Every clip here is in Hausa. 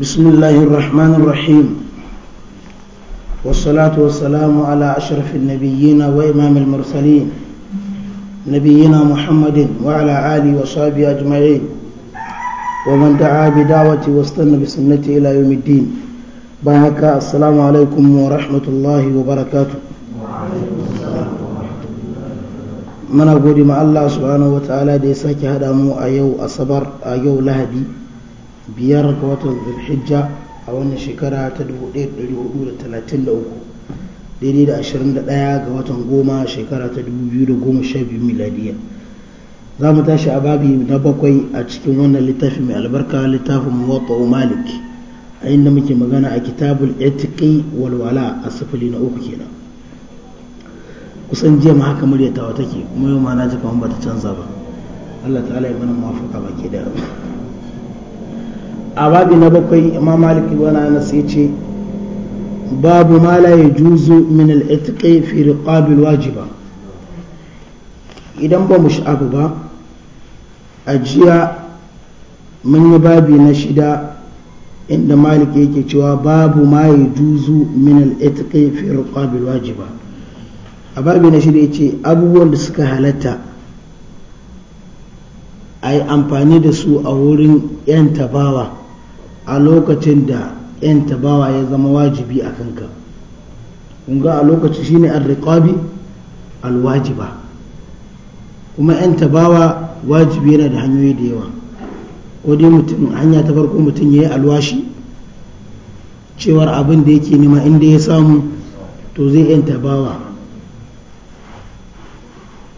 بسم الله الرحمن الرحيم والصلاة والسلام على أشرف النبيين وإمام المرسلين نبينا محمد وعلى آله وصحبه أجمعين ومن دعا بدعوة واستنى بسنته إلى يوم الدين بارك السلام عليكم ورحمة الله وبركاته من أقول مع الله سبحانه وتعالى دي هذا مو أيو أصبر أيو لهدي biyar ga watan zulhijja a wannan shekara ta 1433 daidai da 21 ga watan goma shekara ta 2012 miladiya za mu tashi a babi na bakwai a cikin wannan littafi mai albarka littafin muwatta malik a inda muke magana a kitabul etiki walwala a sifili na uku kenan kusan jiya ma haka muryatawa take kuma yau ma na ji ba ta canza ba Allah ta'ala ya mana mafaka baki da a babi na bakwai imam malik ibn anas yace babu ma la yajuzu min al-itqi fi riqab al-wajiba idan ba mu abu ba ajiya jiya mun yi babi na shida inda malik yake cewa babu ma ya juzu min al-itqi fi riqab al-wajiba a babi na shida yace abubuwan da suka halatta a yi amfani da su a wurin 'yan tabawa a lokacin da yan tabawa ya zama wajibi a kanka a lokacin shine al-riqabi al-wajiba kuma yan tabawa wajibi yana da hanyoyi da yawa ko dai mutum hanya ta farko mutum ya yi alwashi cewar abin da yake nema inda ya samu to zai yan tabawa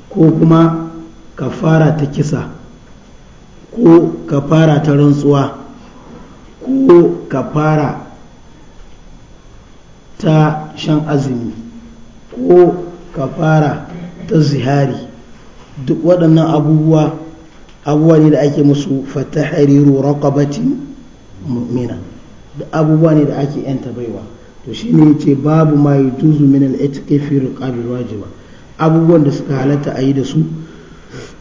ko kuma ka fara ta kisa ko ka fara ta rantsuwa ko kafara ta shan azumi ko kafara ta zihari duk waɗannan abubuwa abubuwa ne da ake musu fatahariru raqabatin mu'mina da abubuwa ne da ake yanta baiwa to shine yace babu ma yujuzu min al-itqi fi wajiba abubuwan da suka halatta a yi da su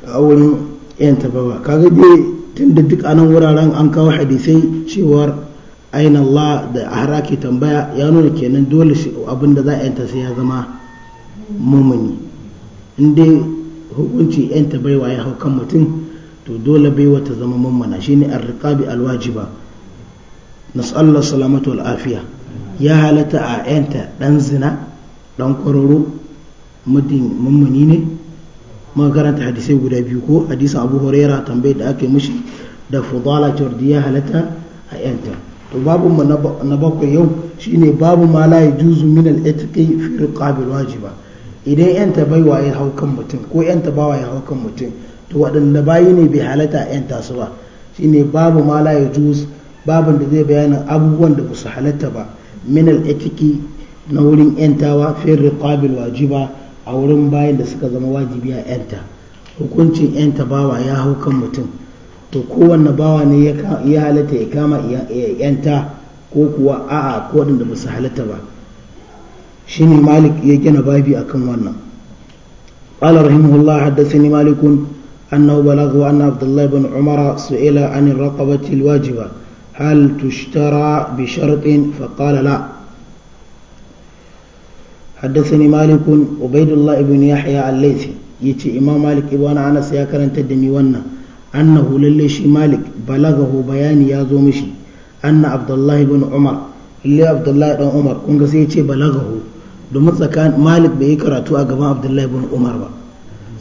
a wurin yanta baiwa kaga dai da duk anan wuraren an kawo hadisai cewar aina Allah da ahra tambaya ya nuna kenan dole shi abin da za a yanta sai ya zama mumuni inda dai hukunci yanta baiwa ya hau kan mutum to dole baiwa ta zama mummuna shine arriqabi alwajiba nasallar salamatu al'afiya afiya ya halatta a yanta dan zina dan kwararo muddin mummuni ne makaranta hadisai guda biyu ko hadisin abu huraira tambayar da aka yi mishi da fudala jordiya halatta a yanta to babu mu na bakwai yau shine babu ma la yajuzu min al itqi fi riqabil wajiba idan yanta bai waye haukan mutum ko yanta ba waye haukan mutum to wadanda bayi ne bai halatta a yanta su ba shine babu ma la yajuz da zai bayana abubuwan da ba su halatta ba min al itqi na wurin yantawa fi riqabil wajiba a wurin bayan da suka zama wajibi a yanta hukuncin yanta bawa ya hau kan mutum to kowanne bawa ne ya halatta ya kama yanta ko kuwa a'a ko waɗanda ba su halatta ba shine malik ya gina babi akan wannan قال رحمه الله حدثني مالك أنه بلغه أن عبد الله بن عمر سئل عن الرقبة الواجبة هل تشترى بشرط فقال لا حدثني مالك عبيد الله بن يحيى الليثي يتي إمام مالك ابن da يا wannan تدني ونا أنه لليش مالك بلغه بيان يا زومشي أن عبد الله بن عمر اللي عبد الله بن عمر كون يتي بلغه domin tsakanin malik bai yi karatu a gaban abdullah ibn umar ba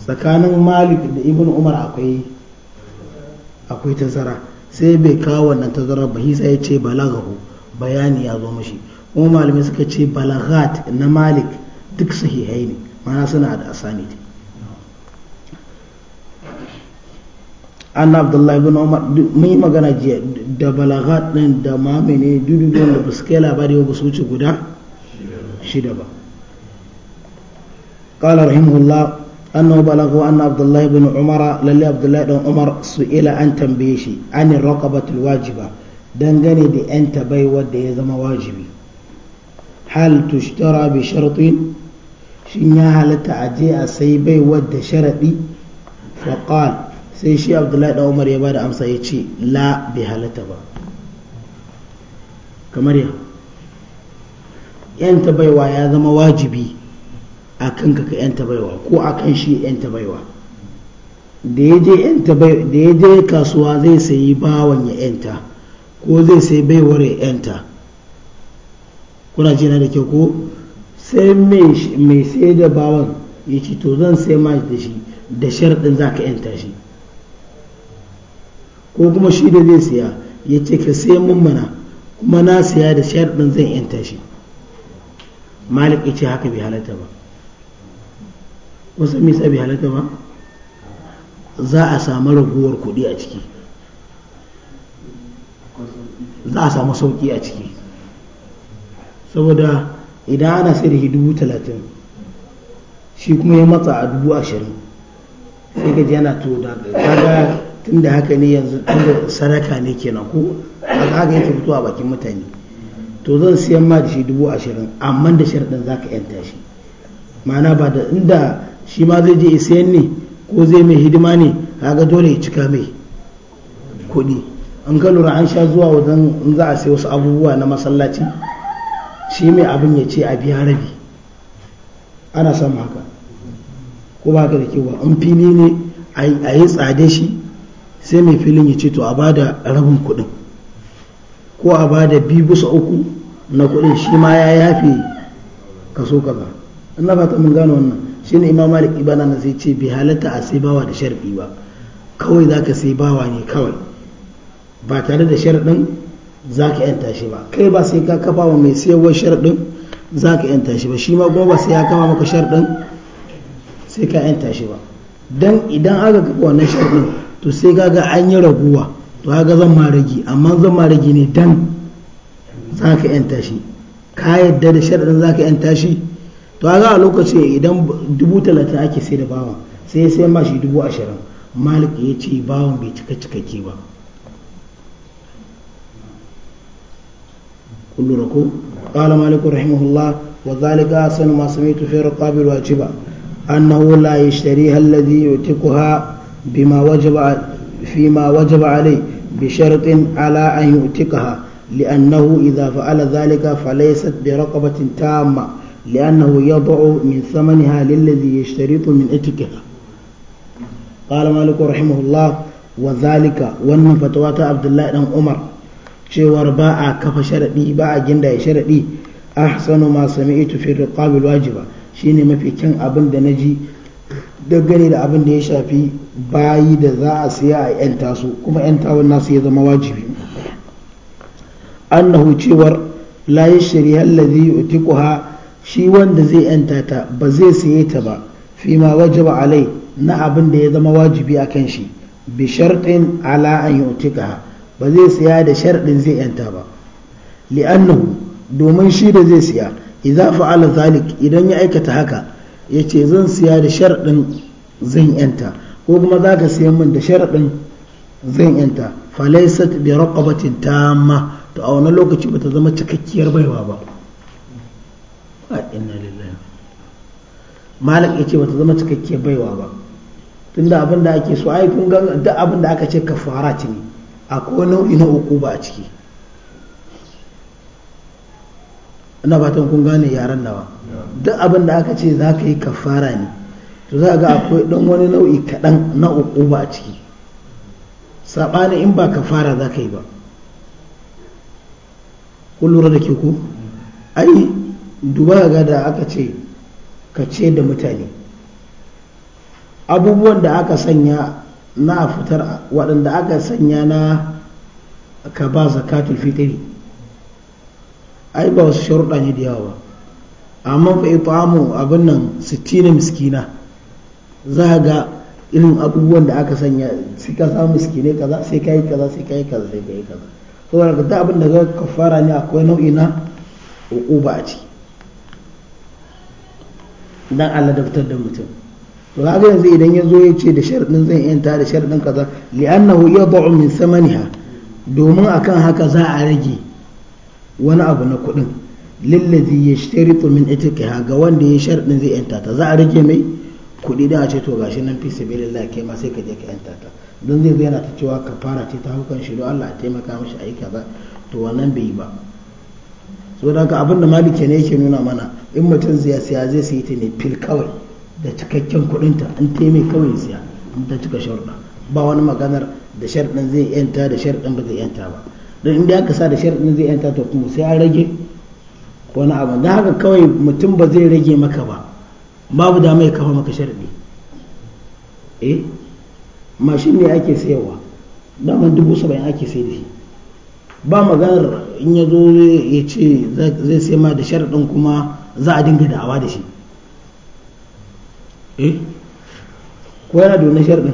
tsakanin malik da ibn umar akwai akwai tazara sai bai kawo wannan tazara ba hisa ya ce balagahu bayani ya zo mashi kuma malami suka ce balaghat na malik duk sahihai ne mana suna da asani anna abdullahi ibn umar mun yi magana jiya da balaghat din da ne dudu da ba su kai labari ba su wuce guda shida ba قال رحمه الله أنه بلغه أن عبد الله بن عمر للي عبد الله بن عمر سئل عن تنبيشي عن الرقبة الواجبة دنغني دي أنت بي ودي zama واجبي hal tushtara bi sharatin shin ya halatta a je a sai bai wadda sharaɗi faƙal sai shi abdullahi da umar ya bada amsa ya ce la bai halatta ba kamar ya yanta baiwa ya zama wajibi a kanka ka yanta baiwa ko a kan shi yanta baiwa da ya je kasuwa zai sayi bawan ya yanta ko zai sayi baiwar ya yanta kuna ji na da kyau ko sai mai sai da bawan ya ce to zan sai ma da shi da sharɗin za ka yanta shi ko kuma shi da zai siya ya ce ka sai mun mana kuma na siya da sharɗin zan yanta shi malik ya ce haka bai halatta ba wasu mai sa bai halatta ba za a samu raguwar kuɗi a ciki za a samu sauƙi a ciki saboda idan ana sai da shi dubu talatin shi kuma ya matsa a dubu ashirin sai ka ji yana to da tun da haka ne yanzu tun da sadaka ne kenan ko zaga yake a bakin mutane to zan siyan ma da shi dubu ashirin amma da sharɗin za ka yanta shi ma'ana ba da inda shi ma zai je siyan ne ko zai mai hidima ne ga dole ya cika mai kuɗi an ka lura an sha zuwa wajen in za a sai wasu abubuwa na masallaci shi mai abin ya ce a biya rabi ana samu haka ko ba ka da kewa in fili ne a yi tsade shi sai mai filin ya ce to a bada rabin kuɗi ko a bada biyu bisa uku na kuɗi shi ma ya yafe kaso ba in na fata mun gano wannan shi ne imam malik ibana na sai ce bai halatta a sai bawa da sharfi ba kawai za ka sai bawa ne kawai ba tare da sharaɗin za ka yanta shi ba kai ba sai ka kafa wa mai sayarwar sharɗin za ka yanta shi ba shi ma goma sai ya kama maka sharɗin sai ka yanta shi ba don idan aka kafa wannan sharɗin to sai ka ga an yi raguwa to ga zan ma amma zan ma ne dan za ka yanta shi ka yadda da sharɗin za ka yanta shi to ga a lokaci idan dubu talatin ake sai da bawa sai sai ma shi dubu ashirin malik ya ce bawan bai cika cikakke ba kullu da ku ƙala maliku rahimahullah wa zalika sanu masu mai tufe rukabir wa ci ba an na hula yi shari halladi ma waje ba alai bi sharɗin ala an yi ti ka ha li'an na hu idza fa'ala zalika fa laysa bi raqabatin tamma li'annahu yad'u min thamaniha lilladhi yashtaritu min itikaha qala maliku rahimahullah wa dhalika wannan fatawa ta abdullahi Ɗan umar cewar ba a kafa sharaɗi ba a ginda ya sharaɗi ahsanu ma sami'tu fi riqabil wajiba shine mafi kyan abin da ji dangane da abin da ya shafi bayi da za a siya a yanta su kuma yantawan nasu ya zama wajibi annahu cewar la yashri allazi utikuha shi wanda zai yanta ta ba zai siye ta ba fi ma wajaba alai na abin da ya zama wajibi a kan shi bi shartin ala an yutiqaha ba zai siya da sharɗin zai yanta ba li'annahu domin shi da zai siya idza fa'ala zalik idan ya aikata haka yace zan siya da sharɗin zan yanta ko kuma zaka siya min da sharɗin zan yanta falaysat bi raqabatin tamma to a wannan lokaci bata zama cikakkiyar baiwa ba inna lillahi malik yace bata zama cikakkiyar baiwa ba tunda abin da ake so ai kun ga duk abin aka ce kafara ce ne akwai nau'i na uku ba a ciki ina fatan kun gane yaran nawa duk abin da aka ce za ka yi kafara ne to za ga akwai dan wani nau'i kaɗan na uku ba a ciki saɓani in ba kafara za ka yi ba kun lura da ke ku? ai duba ga da aka ce ka ce da mutane abubuwan da aka sanya na fitar waɗanda aka sanya na ka ba zakatul fitri ai ba wasu sharuɗa ne da yawa ba amma fa amu abin nan sittina miskina za a ga irin abubuwan da aka sanya sai ka samu miskinai kaza sai ka yi kaza sai ka yi kaza sai ka yi kaza saboda da abin da ka fara ne akwai nau'i na ba a ciki dan Allah da fitar da mutum to haka yanzu idan ya zo ya ce da sharadin zan yanta da sharɗin kaza ya ba'u min samaniha domin akan haka za a rage wani abu na kuɗin lillazi yashtaritu min ha ga wanda ya sharadin zai yanta ta za a rage mai kuɗi da a ce to gashi nan fisa sabilillah ke ma sai ka je ka yanta ta don zai zana ta cewa ka ce ta hukan shi don Allah a taimaka mashi a yi kaza to wannan bai yi ba so haka abin da malike ne yake nuna mana in mutum zai siya zai sayi ta ne fil kawai da cikakken kudinta an ta kawai siya in ta cika sharuɗa ba wani maganar da sharuɗin zai yanta da sharuɗin ba zai yanta ba don inda aka sa da sharuɗin zai yanta to kuma sai an rage wani abu da haka kawai mutum ba zai rage maka ba babu da mai kafa maka sharuɗi eh mashin ne ake sayarwa daman dubu saba'in ake sai da shi ba maganar in ya zo ya ce zai sai ma da sharaɗin kuma za a dinga da'awa da shi Eh? ko yana da wani sharaɗin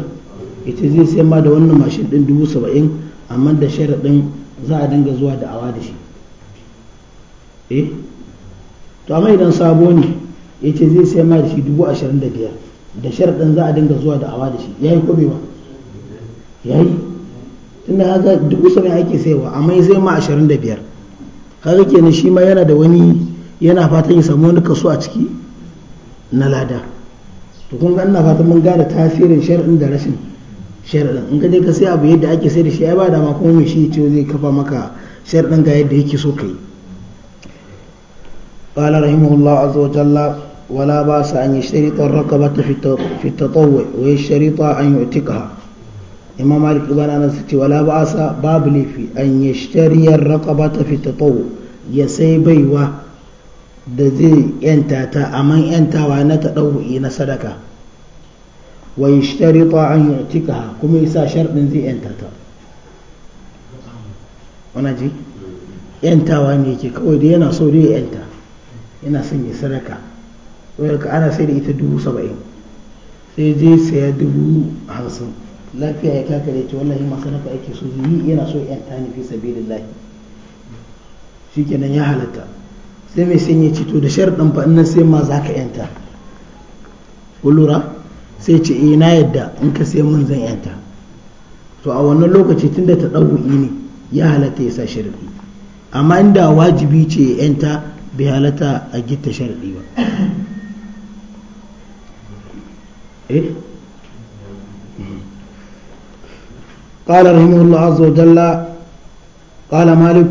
ita zai sai ma da wannan mashin ɗin dubu saba'in amma da sharaɗin za a dinga zuwa da awa da shi eh to amma idan sabo ne ya ce zai sai ma da shi dubu ashirin da biyar da sharaɗin za a dinga zuwa da awa da shi ya yi kobewa ya yi tunda haka dubu saba'in ake saiwa amma ya sai ma ashirin da biyar kaga kenan shi ma yana da wani yana fatan ya samu wani kaso a ciki na lada to kun ga ina fatan mun gane tasirin shar'in da rashin shar'in in ka je ka sai abu yadda ake sai da shi ai ba dama kuma mai shi ce zai kafa maka shar'in ga yadda yake so kai قال رحمه الله عز وجل ولا بأس أن يشترط الرقبة في التطوع ويشترط أن يعتقها إمام مالك ابن أنس ولا بأس باب في أن يشتري الرقبة في التطوع يسيبيوه da zai yanta ta amma yantawa na ta ɗau'i na sadaka wa yi shitari ta an yi tikaha kuma yasa sharɗin zai yanta ta wana ji yantawa ne ke kawai da yana so da ya yanta yana son ya sadaka ka ana sai da ita dubu saba'in sai je saya dubu hamsin lafiya ya kakare ce wallahi masu nafa ake so yi yana so yanta ne fi sabi lafi shi kenan ya halatta sai mai sanya ce to da sharɗin fa na sai ma za ka yanta ku sai ce eh na yadda in ka sai mun zan yanta to a wannan lokaci tun da ta ɗauki ne ya halatta ya sa sharɗi amma inda wajibi ce ya yanta bai halatta a gitta sharɗi ba قال رحمه الله عز وجل قال مالك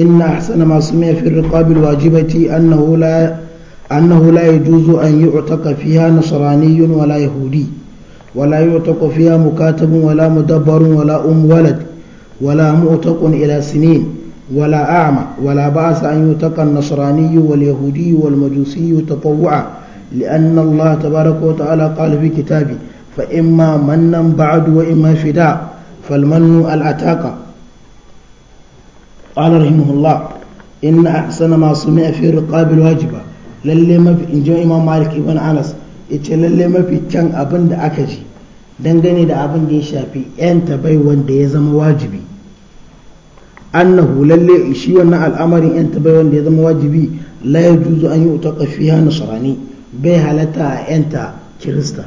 إن أحسن ما سمع في الرقاب الواجبة أنه لا أنه لا يجوز أن يعتق فيها نصراني ولا يهودي ولا يعتق فيها مكاتب ولا مدبر ولا أم ولد ولا معتق إلى سنين ولا أعمى ولا بأس أن يعتق النصراني واليهودي والمجوسي تطوعا لأن الله تبارك وتعالى قال في كتابه فإما منا بعد وإما فداء فالمن العتاقة قال رحمه الله masu أحسن ما سمع في رقاب الواجبة lalle mafi in ji imam malik ibn anas ice ce mafi can abinda aka ji dangane da abin da ya shafi yanta bai wanda ya zama wajibi annahu lalle shi wannan al'amarin yanta bai wanda ya zama wajibi la yajuzu an yi utaka fiha nasrani bai halatta a yanta kirista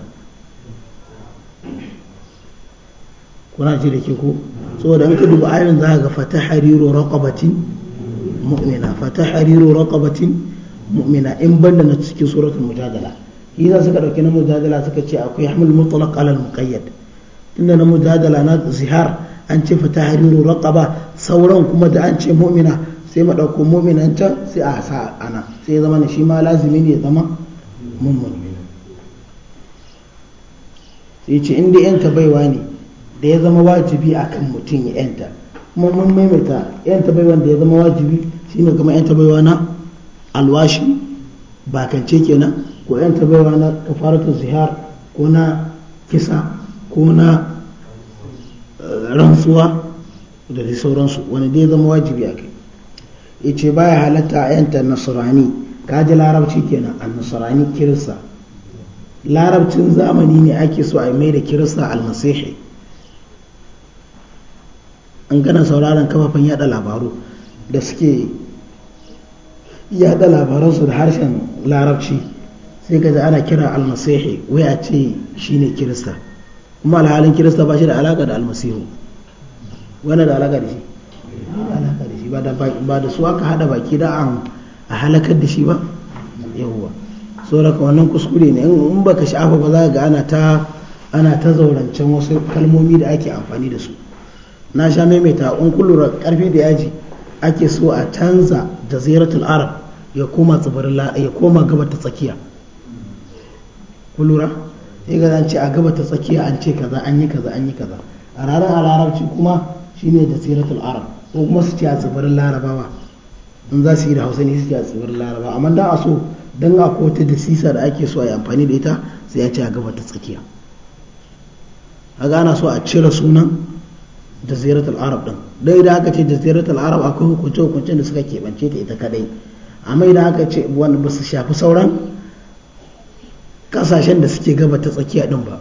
kuna ji da ke ko saboda an ka duba ayin za a ga fata hariru raqabatin mu'mina fata hariru raqabatin mu'mina in banda na cikin suratul mujadala shi za suka dauki na mujadala suka ce akwai hamul mutlaq alal muqayyad tunda na mujadala na zihar an ce fata hariru raqaba sauran kuma da an ce mu'mina sai mu dauko mu'minan can sai a sa ana sai zama ne shi ma lazimi ne zama mu'min sai ce inda yanka baiwa ne da ya zama wajibi akan mutum ya yanta kuma mun maimaita yanta baiwa da ya zama wajibi shine kuma yanta baiwa na alwashi bakance kenan ko yanta baiwa na kafaratu zihar ko na kisa ko na eh, rantsuwa da dai sauransu wani da ya zama wajibi a kai yace baya halatta a yanta nasrani kaji larabci kenan a nasarani kirista larabcin zamani ne ake so a mai da kirista almasihi an gana sauraron kafafen yada labaru da suke yada labaransu da harshen larabci sai ka ana kira almasihi wai a ce ne kirista kuma alhalin kirista ba shi da alaka da almasihu wani da alaka da shi ba da su aka hada baki da an a halakar da shi ba yawwa sauraka wannan kuskure ne in baka sha'afa ba za ga ana ta ana ta zaurancen wasu kalmomi da ake amfani da su na sha maimaita in kullura karfi da yaji ake so a canza ziyaratul arab ya koma tsibirin ya koma gabar ta tsakiya kullura ya ga ce a gabar ta tsakiya an ce kaza an yi kaza an yi kaza a rarar a kuma shine ziyaratul arab ko kuma su ce a tsibirin larabawa in za su yi da hausa ne su ce a tsibirin larabawa amma dan a so dan a kota da sisa da ake so a yi amfani da ita sai ya ce a gabar ta tsakiya a gana so a cire sunan jaziratul arab din dai idan aka ce jaziratul arab akwai hukunce hukuncen da suka keɓance ta ita kadai amma idan aka ce wani ba su shafi sauran kasashen da suke gaba ta tsakiya din ba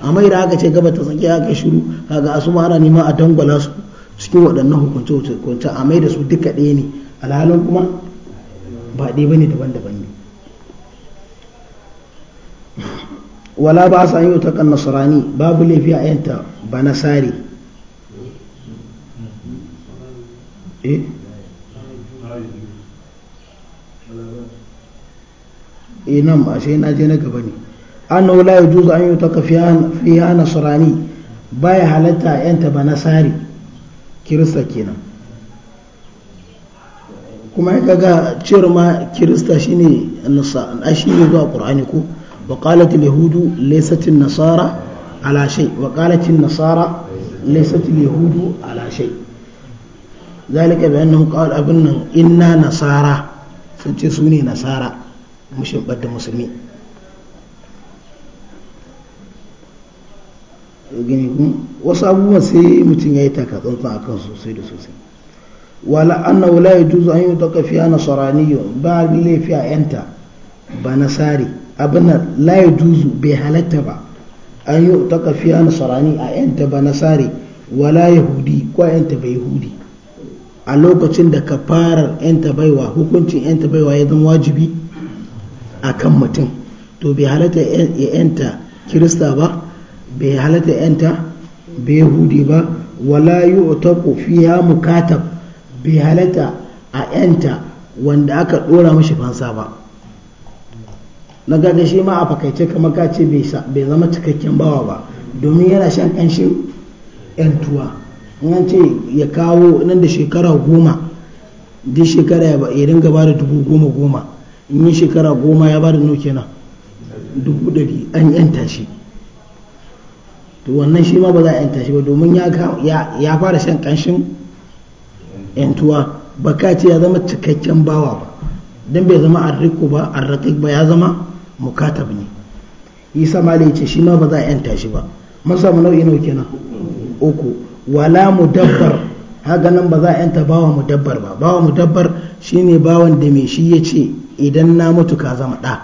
amma idan aka ce gaba ta tsakiya aka shiru kaga asu ma ana nema a dangwala su cikin waɗannan hukunce hukunce a mai da su duka ɗaya ne alhalin kuma ba ɗaya bane daban-daban ne wala ba sa yi ta kan nasarani babu laifi a yanta ba nasari eh eh nan ba na je na gaba ne annahu la yajuzu an yutaka fiha nasrani baya halatta yanta ba nasari kirista kenan kuma ya kaga cewar ma kirista shine nasa shi ne zuwa qur'ani ko wa qalat yahudu laysat an nasara ala wa qalat nasara laysat yahudu ala ذلك بأنه قال أبنا abin nan inna nasara sun ce su ne nasara da wasu abubuwan sai mutum ya yi takatsantsan a kan sosai da sosai wala wula ya yajuzu an yi yutaka na tsoraniyo ba laifi a yanta ba na abin abinan la yajuzu bai halatta ba an yi fiya na nasrani a yanta ba na nasari wala yahudi ko yanta bai yahudi a lokacin da kafarar yanta baiwa hukuncin yanta baiwa ya zama wajibi a kan mutum to bai halatta ya 'yanta kirista ba bai halatta 'yanta bai hudi ba wala yi otaku fiya mukatab bai halatta a 'yanta wanda aka dora mashi fansa ba na gaga shi ma a fakaice kamar ka bai zama cikakken bawa ba domin yana shan ƙanshin tuwa. in ce ya kawo nan da shekara goma duk shekara ya dinga ba da dubu goma goma in yi shekara goma ya ba da nuke na dubu dari an yanta shi to wannan shi ma ba za a yanta shi ba domin ya fara shan kanshin yantuwa ba ka ce ya zama cikakken bawa ba don bai zama riko ba arraƙiƙ ba ya zama mukatab ne isa ya ce shi ma ba za a yanta shi ba masa nau'i nauke kenan uku wala mudabbar haka nan ba za a yanta bawa mudabbar ba bawa mudabbar shine bawan da mai shi ya ce idan na mutu ka zama ɗa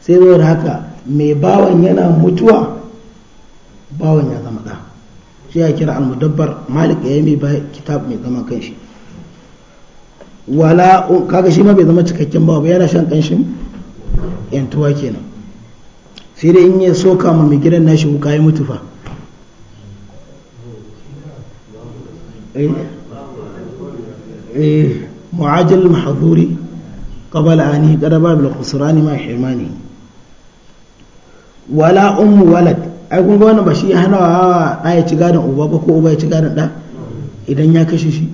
sai zo da haka mai bawan yana mutuwa bawan ya zama ɗa shi ya kira almudabbar malik ya yi mai kitab mai zaman kanshi wala kaga shi ma bai zama cikakken bawa ba yana shan kanshin yantuwa kenan sai dai in ya soka ma mai gidan nashi wuka ya mutu fa معاجل المحظور قبل أن يقرب بالخسران ما حرمانه wala ummu walad ai kun ga wannan ba shi hana wa da ya gadon uba ba ko uba ya ci gadon da idan ya kashe shi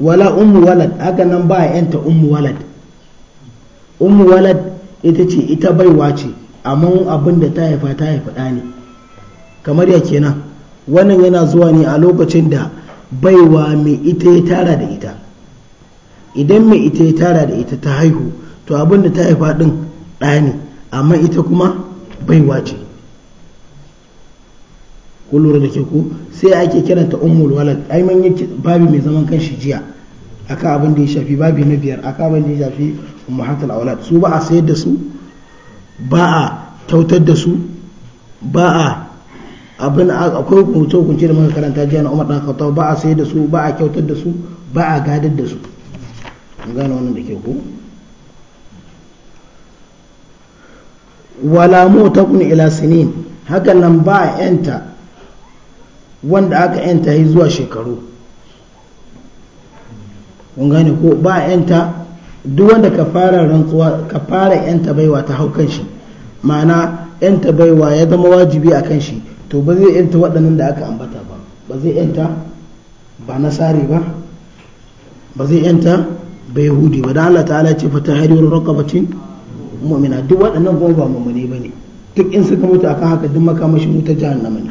wala ummu walad haka nan ba yanta ummu walad ummu walad ita ce ita baiwa ce amma abinda ta haifa ta haifa ɗa ne kamar ya kenan wannan yana zuwa ne a lokacin da baiwa mai ita ya tara da ita idan mai ita ya tara da ita ta haihu to abinda ta haifa din ɗa ne amma ita kuma baiwa ce ku lura da ke ku sai ake kiranta umul walad ai man yake babi mai zaman kanshi jiya akan abin da ya shafi babi na biyar akan abin da ya shafi ummahatul aulad su ba a sayar da su ba a kyautar da su ba a abin akwai hukunce hukunce da muka karanta jiya na umar dan khattab ba a sayar da su ba a kyautar da su ba a gadar da su an gane wannan da ke ku wala mutakun ila sinin hakan nan ba a yanta wanda aka yanta yi zuwa shekaru kun gane ko ba a yanta duk wanda ka fara rantsuwa ka fara yanta baiwa ta hau kan shi ma'ana yanta baiwa ya zama wajibi a kan shi to ba zai yanta waɗannan da aka ambata ba ba zai yanta ba nasari ba ba zai yanta ba yahudi ba da Allah ta'ala ce fata haririn rakabacin mu'mina duk waɗannan kuma ba mummune ba ne duk in suka mutu akan haka duk makamashin wuta jahannama ne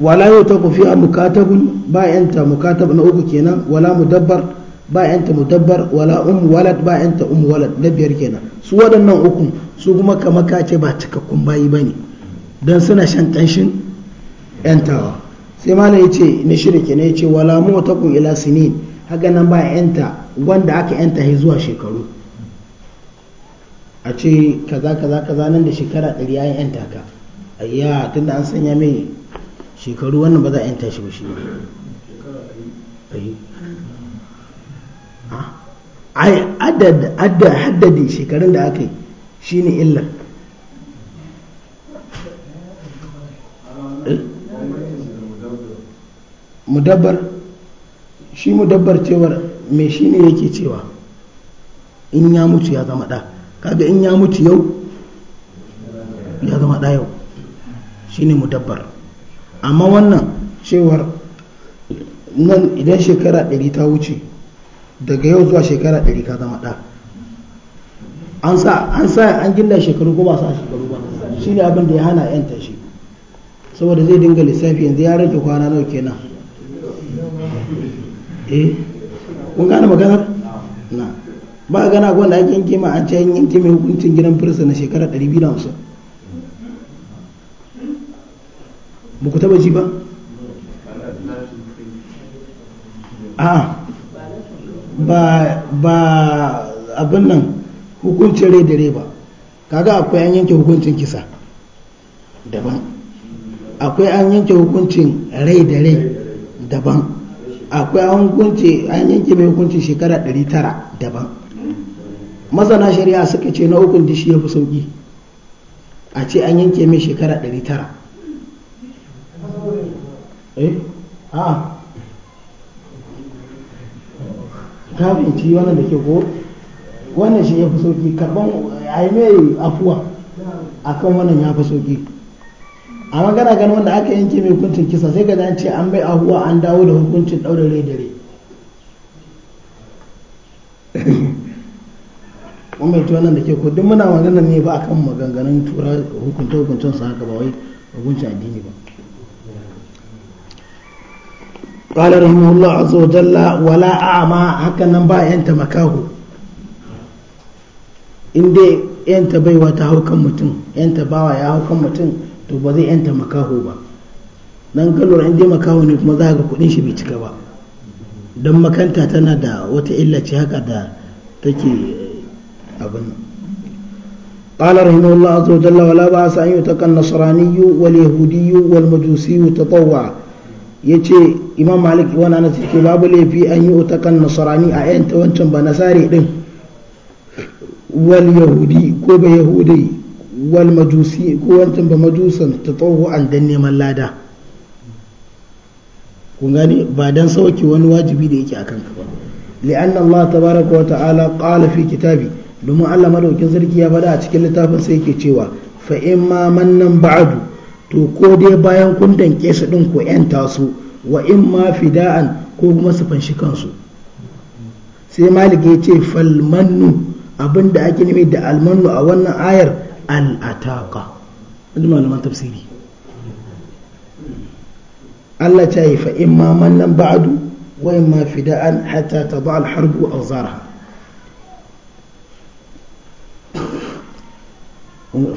wala yau ta a mukatabun ba yanta mukatab na uku kenan wala mudabbar ba yanta mudabbar wala um walad ba yanta um walad na biyar kenan su waɗannan ukun su kuma kamar ka ce ba cikakkun bayi ba ne don suna shan ƙanshin tawa sai malam ya ce na shida na ya ce wala mu ta mutakun ila sinin haka nan ba yanta wanda aka yanta ya zuwa shekaru a ce kaza kaza kaza nan da shekara ɗari ya yanta ka ayya da an sanya mai shekaru wannan ba za a yanta shi ba shi ba ah. ai haddadi shekarun da aka yi shi ne illar Eh? mudabbar shi mudabbar cewar mai shi ne yake cewa in ya mutu ya zama ɗa kaga in ya mutu yau ya zama ɗa yau shi ne mudabbar amma wannan cewar nan idan shekara ɗari ta wuce daga yau zuwa shekara ɗari ka zama ɗa an sa an sa an gina shekaru ko ba sa shekaru ba shi ne abin da ya hana 'yan tashi saboda zai dinga lissafi yanzu ya rage kwana nawa kenan eh kun gane maganar na ba a gana gwanda ake yanke ma a ce yanke mai hukuncin gidan firsa na shekara 250 ba ku taba ji ba a ba ba abin nan hukuncin rai da rai ba kaga akwai an yanke hukuncin kisa daban akwai an yanke hukuncin rai da rai daban akwai an hukunci an yanke mai hukuncin shekara 900 daban masana shari'a suka ce na hukun dishi shi ya fi sauki a ce an yanke mai shekara 900 eh a kafin ci wannan da ke ko wannan shi ya fi sauki karban a yi mai afuwa akan wannan ya fi sauki a magana ganin wanda aka yanke mai hukuncin kisa sai ga ce an bai ahuwa an dawo da hukuncin ɗaure rai da rai tuwa nan da ke ko duk muna magana ne ba akan maganganun tura hukunta hukuncin su haka ba wai hukuncin addini ba قال رحمه الله عز وجل ولا أعمى هكذا با أنت مكاهو إن دي أنت بيوة هاو mutum متن أنت باوة هاو كم mutum. to ba zai yanta makaho ba dan kalura in dai makaho ne kuma za ga kudin shi bai cika ba don makanta tana da wata illa ce haka da take abin قال رحمه الله عز وجل ولا بأس أن يتقى النصراني واليهودي والمجوسي تطوعا yace imam malik wana ana ke babu laifi an yi kan nasarani a yanta wancan ba nasari din wal yahudi ko ba Yahudi. wal majusi ko wancan ba majusan ta tsoho an dan neman lada kun gani ba dan sauke wani wajibi da yake akan ka ba li'anna Allah tabaraka wa ta'ala qala fi kitabi domin Allah madaukin sarki ya faɗa a cikin littafin sai yake cewa fa in ma mannan ba'du to ko dai bayan kun danke su din ko yanta su wa in ma fida'an ko kuma su fanshi kansu sai malik ya ce fal-mannu abinda ake nemi da almannu a wannan ayar al'ataka in malaman tafsiri Allah ta yi fa'in ma mannan ba'adu wa in ma fida'an hatta ta ba alharbu a zara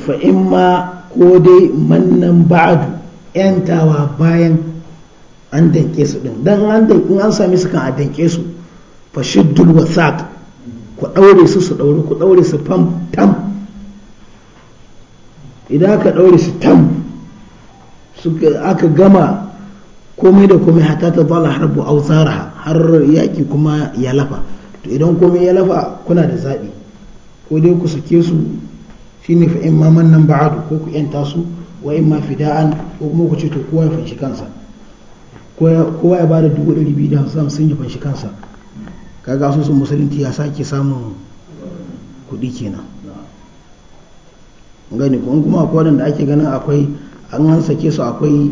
fa'in ma ko dai mannan ba'adu ‘yantawa bayan an danke su ɗin don an sami su kan a danke su fashiddul wasaq ku ɗaure su su ɗaure ku ɗaure su fam tam idan aka ɗaure su tam aka gama komai da komai hata ta zala harbu auzara har yaki kuma ya lafa to idan komai ya lafa kuna da zaɓi ko dai ku sake su ne fa in ma nan ba'adu ko ku yanta su wa in ma fida'an ko kuma ku ce to kowa ya fanshi kansa kowa ya bada dubu ɗari biyu da hamsin sun ya fanshi kansa kaga asusun musulunci ya sake samun kuɗi kenan gani kuma kuma wadanda ake ganin akwai an hansa su akwai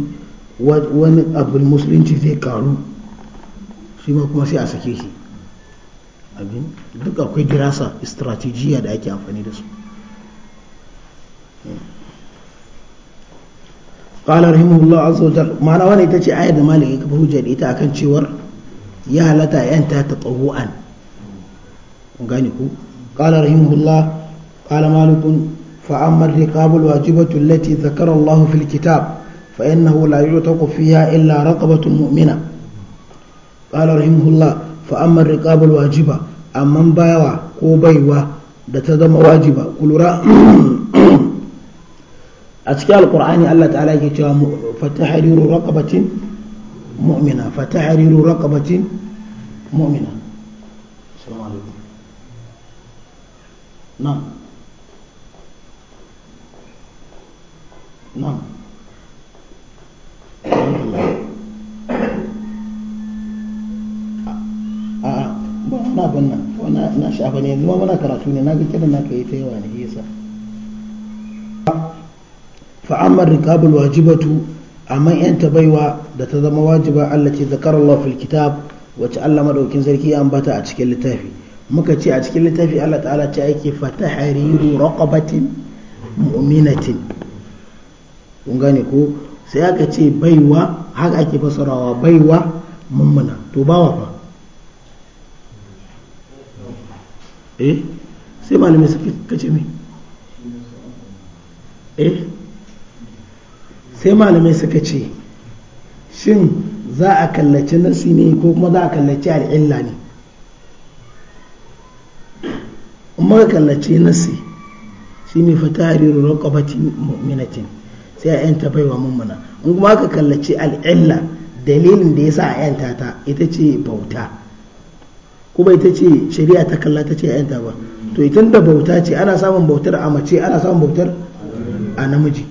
wani abin musulunci zai karu shi ma kuma sai a sake shi abin duk akwai dirasa strategiya da ake amfani da su ƙwallon rahimahullo a tsotar mana wani ita ce ayyar da malin ikafi hujjar da ita akan cewar ya halata yan ta ta tsohuwan gani ku ƙwallon rahimahullo ƙwallon malukun فأما الرقاب الواجبة التي ذكر الله في الكتاب فإنه لا يعتق فيها إلا رقبة مؤمنة قال رحمه الله فأما الرقاب الواجبة أما بايوا ko baiwa da ta zama wajiba ku a cikin alkur'ani Allah ta'ala yake cewa fatahriru raqabatin mu'mina fatahriru نعم ba wani nan ko na shafa ne yanzu muna karatu ne na ga kiran na ka yi ta yawa ne yasa fa'amar rikabul wajibatu amma yan baiwa da ta zama wajiba Allah ce zakar Allah fil kitab wacce Allah madaukin sarki ya ambata a cikin littafi muka ce a cikin littafi Allah ta'ala ce ake fatahariru raqabatin mu'minatin kun gane ko sai aka ce baiwa haka ake fasarawa baiwa mummuna to bawa fa eh sai malamai suka kace me eh sai malamai suka ce shin za a kallaci nasi ne ko kuma za a kallaci al'illa ne kuma ka kallaci nasi ne fatari tahriru raqabatin mu'minatin sai a yanta baiwa mummuna in kuma aka kallaci al'illa dalilin da ya sa a yanta ta ita ce bauta kuma ita ce shari'a ta kalla ta ce a yanta ba to itan da bauta ce ana samun bautar a mace ana samun bautar a namiji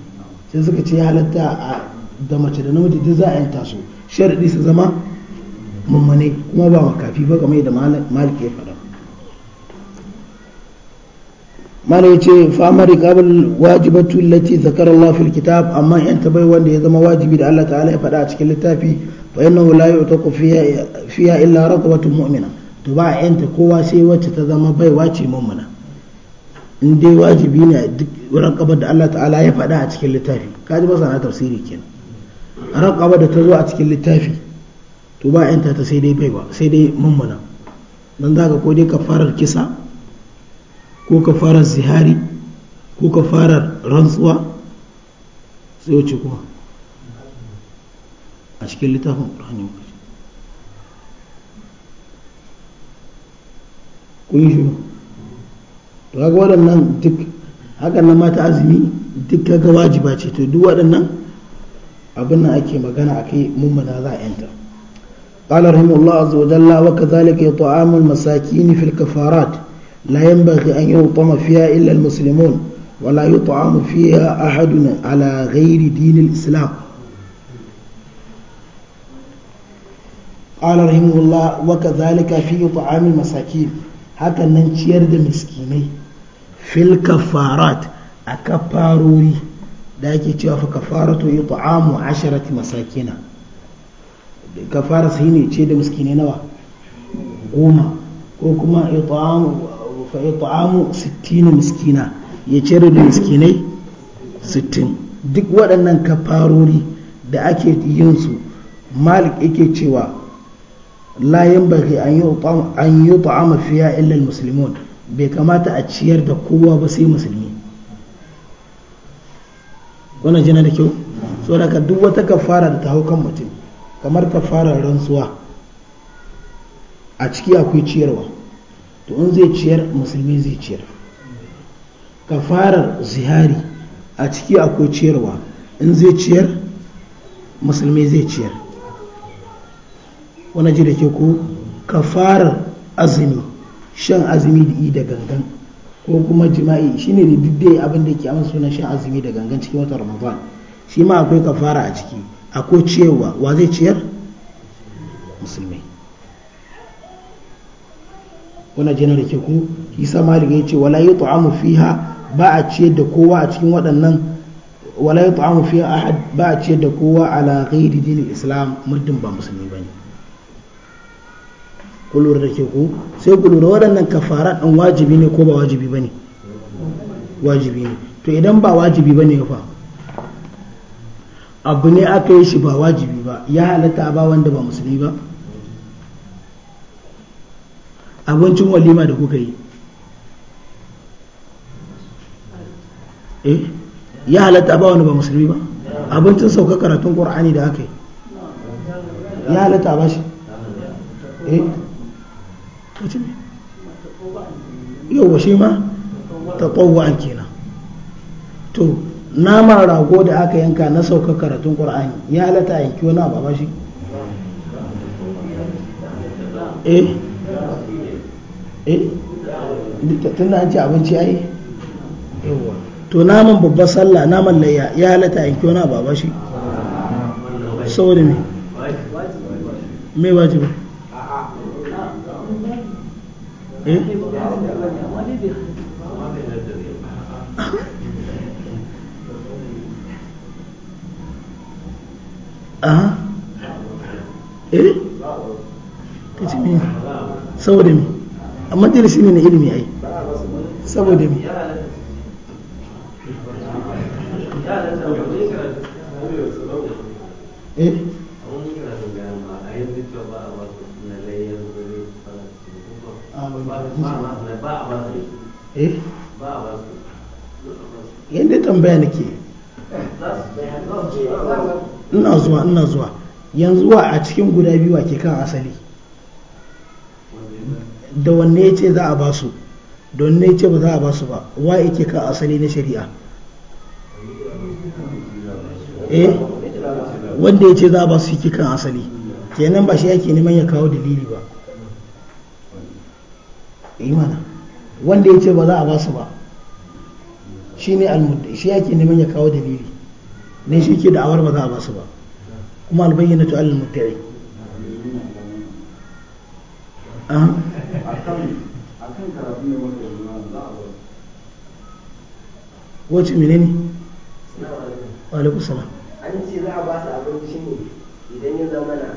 sai suka ce halatta da mace da namiji duk za a yanta su sharaɗi su zama mummune kuma ba makafi ba kamar yadda maliki ya faɗa mana ya ce famar rikabul wajibatu lati zakar Allah fil kitab amma yan tabai wanda ya zama wajibi da Allah ta'ala ya faɗa a cikin littafi fa innahu la yu'taqu fiha illa raqabatu mu'mina to ba a yanta kowa sai wacce ta zama baiwa ce mummuna in dai wajibi ne duk raqabar da Allah ta'ala ya faɗa a cikin littafi kaji ba sana tafsiri kenan raqaba da ta zo a cikin littafi to ba a yanta ta sai dai baiwa sai dai mummuna dan zaka ko dai kafarar kisa ko ka fara zihari ko ka fara rantsuwa sai wace kuma a cikin littafin ƙur'ani muka ce shi to haka waɗannan duk hakan na mata azumi duk kaga wajiba ce to duk waɗannan abin ake magana akai mummuna za a yanta قال رحمه الله عز وجل وكذلك إطعام المساكين في الكفارات لا ينبغي أن يطعم فيها إلا المسلمون ولا يطعم فيها أحد على غير دين الإسلام قال رحمه الله وكذلك في طعام المساكين هكذا ننشير المسكينين fil kafarat a kafarori da ake cewa fa kafaratu yut'amu asharati masakina kafara sai ne ce da miskine nawa goma ko kuma yut'amu fa ta'amu 60 miskina ya ciyar da miskinai 60 duk waɗannan kafarori da ake yin su malik yake cewa layin yanbaghi an ta'amu fiya illar musulmi bai kamata a ciyar da kowa ba sai musulmi wannan jina da kyau daga duk wata kafara da ta hau kan mutum kamar kafarar rantsuwa a ciki akwai ciyarwa to in zai ciyar musulmi zai ciyar kafarar zihari a ciki akwai ciyarwa in zai ciyar musulmi zai ciyar wani ji da ke ko kafarar azumi shan azumi da yi da gangan ko kuma jima'i shine da duk dai abin da ke amsa sunan shan azumi da gangan cikin wata ramadan shi ma akwai kafara a ciki akwai ciyarwa wa zai ciyar musulmi. wani jana da ke ku isa malik ya ce wala yut'amu fiha ba a ciyar da kowa a cikin waɗannan wala yut'amu fiha ahad ba a ciyar da kowa ala ghairi dinil islam muddin ba musulmi bane ne lura da ke ku sai ku lura waɗannan kafara ɗan wajibi ne ko ba wajibi bane wajibi ne to idan ba wajibi bane ya fa abu ne aka yi shi ba wajibi ba ya halatta ba wanda ba musulmi ba abincin walima da kuka yi eh ya halatta ba wani ba musulmi ba abincin sauka karatun qur'ani da aka yi ya halatta ba shi eh kace shi ma tatawwa kenan to nama rago da aka yanka na sauka karatun qur'ani ya halatta yanki wani ba ba shi eh Eh, tun na an ce abinci ai to naman babbar sallah naman layya ya halatta a yanki na abu shi saboda me me wajibi eh aha eh kace me saboda me amma majalisi ne na ilimi ai saboda me eh. eh. yadda tambaya nake ina zuwa ina zuwa yanzu a cikin guda biyu ke kan asali da wanne ya ce za a ba su da wanne ya ce ba za a ba su ba wa yake ka asali na shari'a eh wanda ya ce za a ba su yake kan asali kenan ba shi yake neman ya kawo dalili ba imana eh wanda ya ce ba za a ba su ba shi ne almudda shi yake neman ya kawo dalili ne shi ke da'awar ba za a ba su ba kuma albayyana to almudda'i wace mene ne alaikun salam an ce za a ba su abinci ne idan ya zama na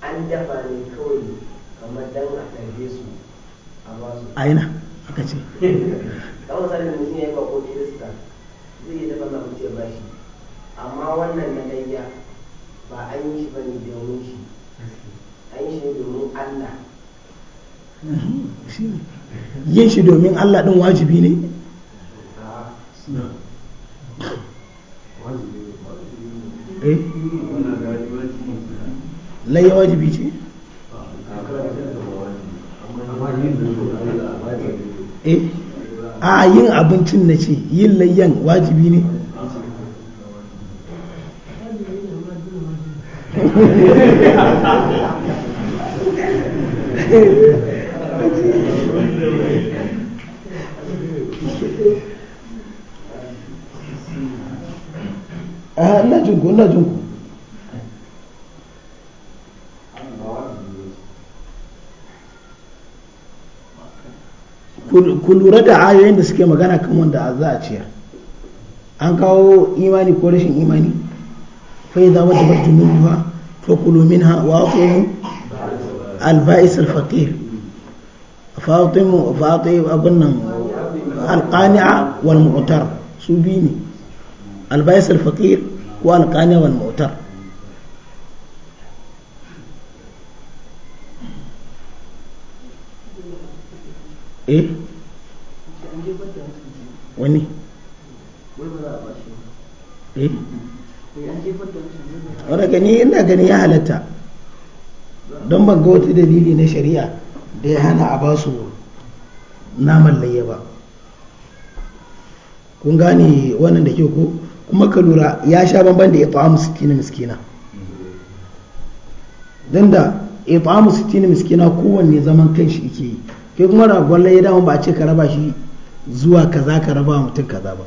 an dafa ne kawai kamar dan a tarbe su a ba su a yana aka ce kawai sanin da mutum ya yi bako kirista zai yi dafa abinci ya ba shi amma wannan na layya ba an yi shi ba ne domin shi an yi shi ne domin allah yin shi domin Allah ɗin wajibi ne eh? laye wajibi ce eh? a yin abincin na ce yin layyan wajibi ne Yeah. a ah, ina ku ina lura da ayoyin da suke magana kan wanda za a ciyar an kawo imani ko rashin imani fai za wata bar junubuwa fa kulu minha wa yi alba'is alfaqir fatimu fatimu abin nan alƙani'a wal mu'tar su biyu ne ko الفقير wal mautar eh wani eh wadda gani ina gani ya halatta don ban ga wata dalili na shari'a da ya hana a basu naman layya ba kun gane wannan da ke ko kuma ka lura ya sha bamban da amu sittini miskina don da amu sittini miskina kowanne zaman kanshi ke yi kai kuma ragon laye dama ba a ce ka raba shi zuwa kaza ka raba mutum kaza ba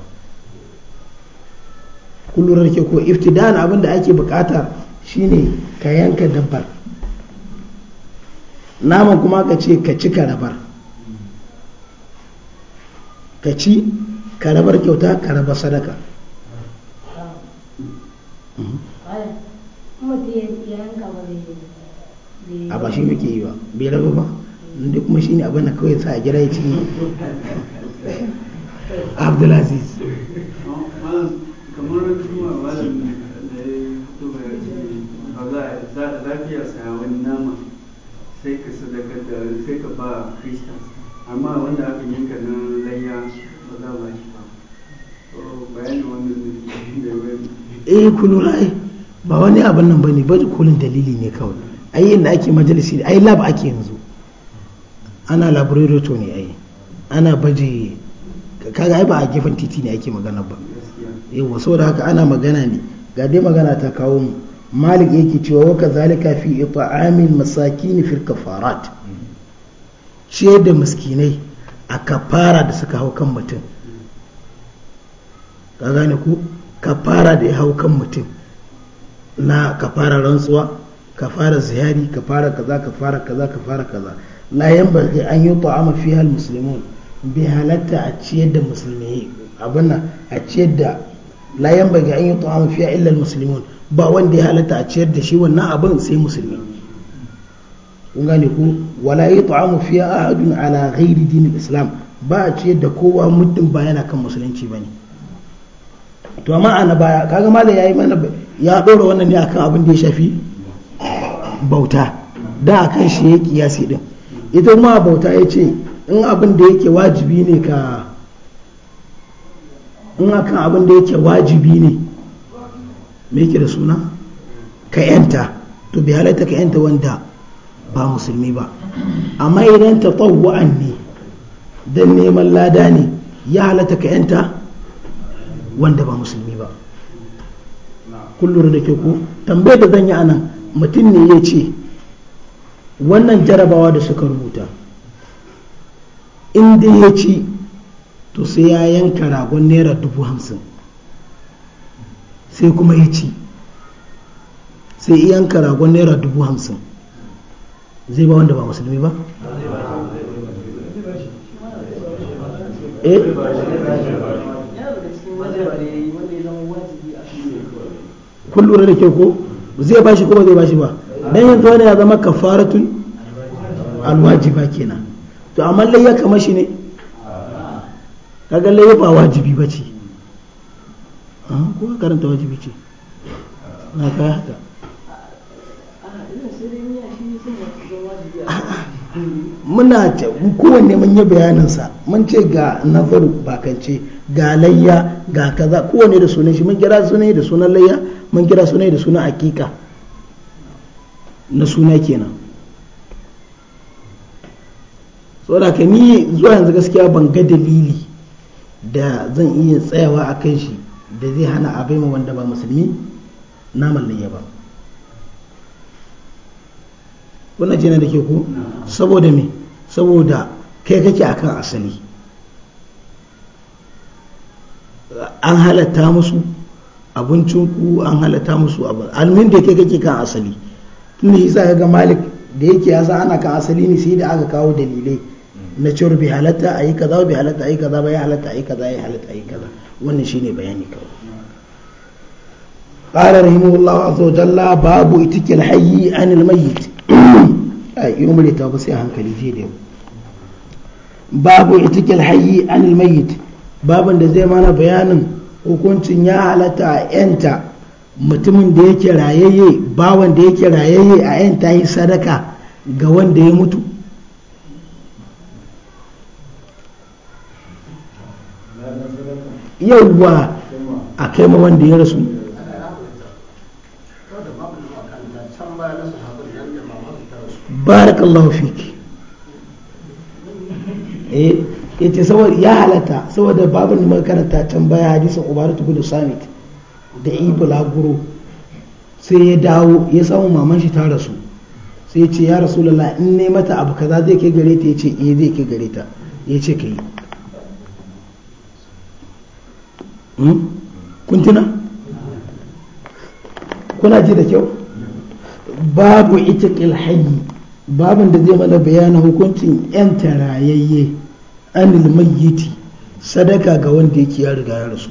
kun lura ke ko iftidan abin da ake bukata shine ka yanka dabbar naman kuma ka ce ka ci ka rabar ka ci ka rabar kyauta ka raba sadaka a ba shi muke yi ba bai rabu ba duk kuma shi ne abin da kawai sa a jira ya ci abdulaziz kamar juma malamin da ya lafiya saya wani nama sai ka sadaka da sai ka ba krista amma wanda aka yanka na layya ba za ba shi ba bayanin wannan da ya bayan eh ku lura eh ba wani abin nan ba bane ba kolin dalili ne kawai ai yanda ake majalisi ai lab ake yanzu ana laboratory ne ai ana baje kaga ai ba a gefen titi ne ake magana ba yawa saboda haka ana magana ne ga dai magana ta kawo mu malik yake cewa wa kazalika fi it'amil masakin fil kafarat ce da miskinai a kafara da suka hau kan mutum ka gane ku kafara da ya hau kan mutum na ka fara rantsuwa ka fara kafara ka fara kaza ka fara kaza ka fara kaza la yanbaghi an yi ta'ama fiha al-muslimun bi halatta a ciyar da musulmi abinna a ciyar da la yanbaghi an yi ta'ama fiha illa muslimun ba wanda ya halatta a ciyar da shi wannan abin sai musulmi kun gane ku wala yi amma fiya ahadun ala ghairi dinin islam ba a ciyar da kowa muddin ba yana kan musulunci ba ne to amma ana baya kaga malam yayi mana ya ɗora wannan ne akan abin da ya shafi bauta da akan shi ya kiyasi din ita ma bauta ya ce in abin da yake wajibi ne ka in akan abin da yake wajibi ne me yake da suna ka yanta to bai halatta ka yanta wanda ba musulmi ba amma idan ta tsawwa'an ne don neman lada ne ya halatta ka yanta wanda ba musulmi kullum da ke ku tambayar da zan yi anan mutum ne ya ce wannan jarabawa da suka rubuta inda ya ci to sai ya yanka ragon naira dubu hamsin sai kuma ya ci sai iya yanka ragon naira dubu hamsin zai ba wanda ba musulmi ba eh? kun lura da ke ko zai bashi ko ba zai bashi ba dan yanzu wani ya zama kafaratun alwajiba kenan to amma layya kama shi ne kaga layya ba wajibi ba ce ah, ko karanta wajibi ce na ya haka muna kowanne mun yi bayaninsa mun ce ga nazaru bakance ga layya ga kaza kowane da sunan shi mun kira sunan da sunan layya mun kira sunan da sunan akika na suna kenan saboda ka ni zuwa yanzu gaskiya ban ga dalili da zan iya tsayawa a kan shi da zai hana a ma wanda ba musulmi na layya ba wannan jina da ke ku saboda me saboda kai kake akan asali an halatta musu abincin ku an halatta musu abin almin da ke kake kan asali tun da isa ga malik da yake yasa ana kan asali ne sai da aka kawo dalilai na cewar bi halatta a yi kaza bi halatta a yi kaza ba ya halatta yi kaza ya halatta a yi kaza wannan shine bayani kawai قال babu itikin hayyi an باب a yi عن ba sai hankali je da yau babu itikin hayyi an الميت babin da zai mana bayanin hukuncin ya halatta a yanta mutumin da yake rayayye bawan da yake rayayye a yanta yi sadaka ga wanda ya mutu yauwa a kai ma wanda ya rasu barakallahu fiki eh, ya ce saboda ya halatta saboda babin da makaranta can baya hadisin ubaratu gudu samit da ibula laguro sai ya dawo ya samu maman shi ta rasu sai ya ce ya rasulullah in ne mata abu kaza zai kai gare ta ya ce iya eh, zai kai gare ta ya ce ka yi hmm? kuntina kuna ji da kyau babu ita hayy babin da zai mana bayanin hukuncin yan tarayayye anil mayyiti sadaka ga wanda yake ya riga ya rasu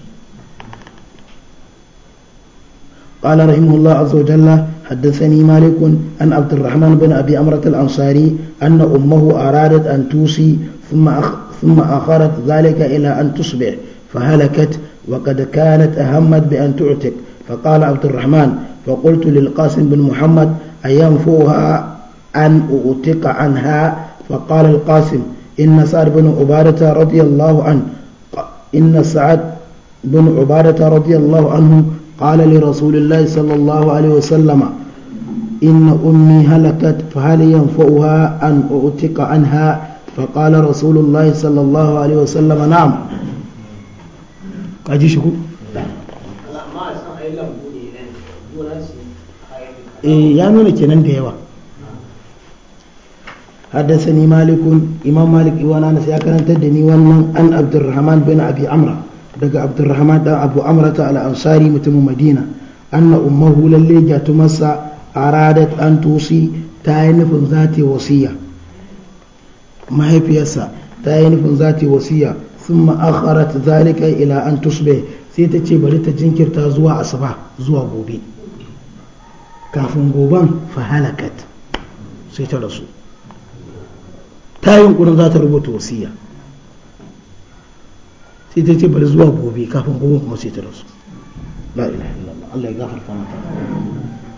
قال رحمه الله عز وجل حدثني مالك عن عبد الرحمن بن أبي أمرة الأنصاري أن أمه أرادت أن توصي ثم أخ ثم أخرت ذلك إلى أن تصبح فهلكت وقد كانت أهمت بأن تعتق فقال عبد الرحمن فقلت للقاسم بن محمد أينفوها أن أعتق عنها فقال القاسم ina sa'ad bin ubadata radiyallahu an anhu qala li rasulillah sallallahu alaihi wa sallama inna ummi halakat fa hal yanfa'uha an utika anha fa qala rasulullah sallallahu alaihi wa sallama na'am ya nuna kenan da yawa حدثني مالك إمام مالك إوانا أنس يكرن دني ونن أن عبد الرحمن بن أبي عمرة دق عبد الرحمن دا أبو عمرة على أنصاري متم مدينة أن أمه للي جات مسا أرادت أن توصي تاين فن ذاتي وصية ما هي بيسا تاين فن ذاتي وصية ثم أخرت ذلك إلى أن تصبح سيتتي بريتا جنكر تازوا أصبح زوا غوبي كافن غوبان فهلكت سيترسو ta yi yunkurin za ta rubuta wasiya sai ta ce bari zuwa gobe kafin gobe kuma sai ta rasu la ilaha Allah ya gafarta mata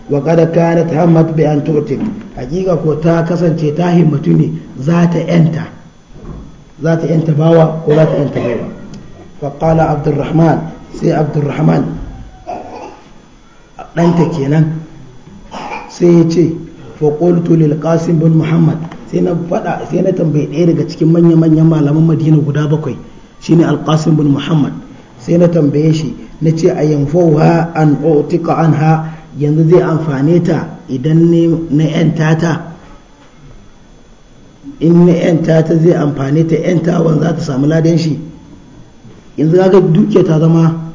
wa qad kanat hammat bi an tu'ti hakika ko ta kasance ta himmatu ne za ta yanta za ta yanta bawa ko za ta yanta bawa fa qala abdurrahman sai abdurrahman ɗanta kenan sai ya ce fa qultu lil qasim bin muhammad sai na faɗa sai na tambayi ɗaya daga cikin manya-manyan malaman madina guda bakwai shine alƙasim bin muhammad sai na tambaye shi na ce a yanfowa an otika an ha yanzu zai amfane ta idan na yanta ta in na yanta ta zai amfane ta yantawan za ta samu ladan shi yanzu ga dukiya ta zama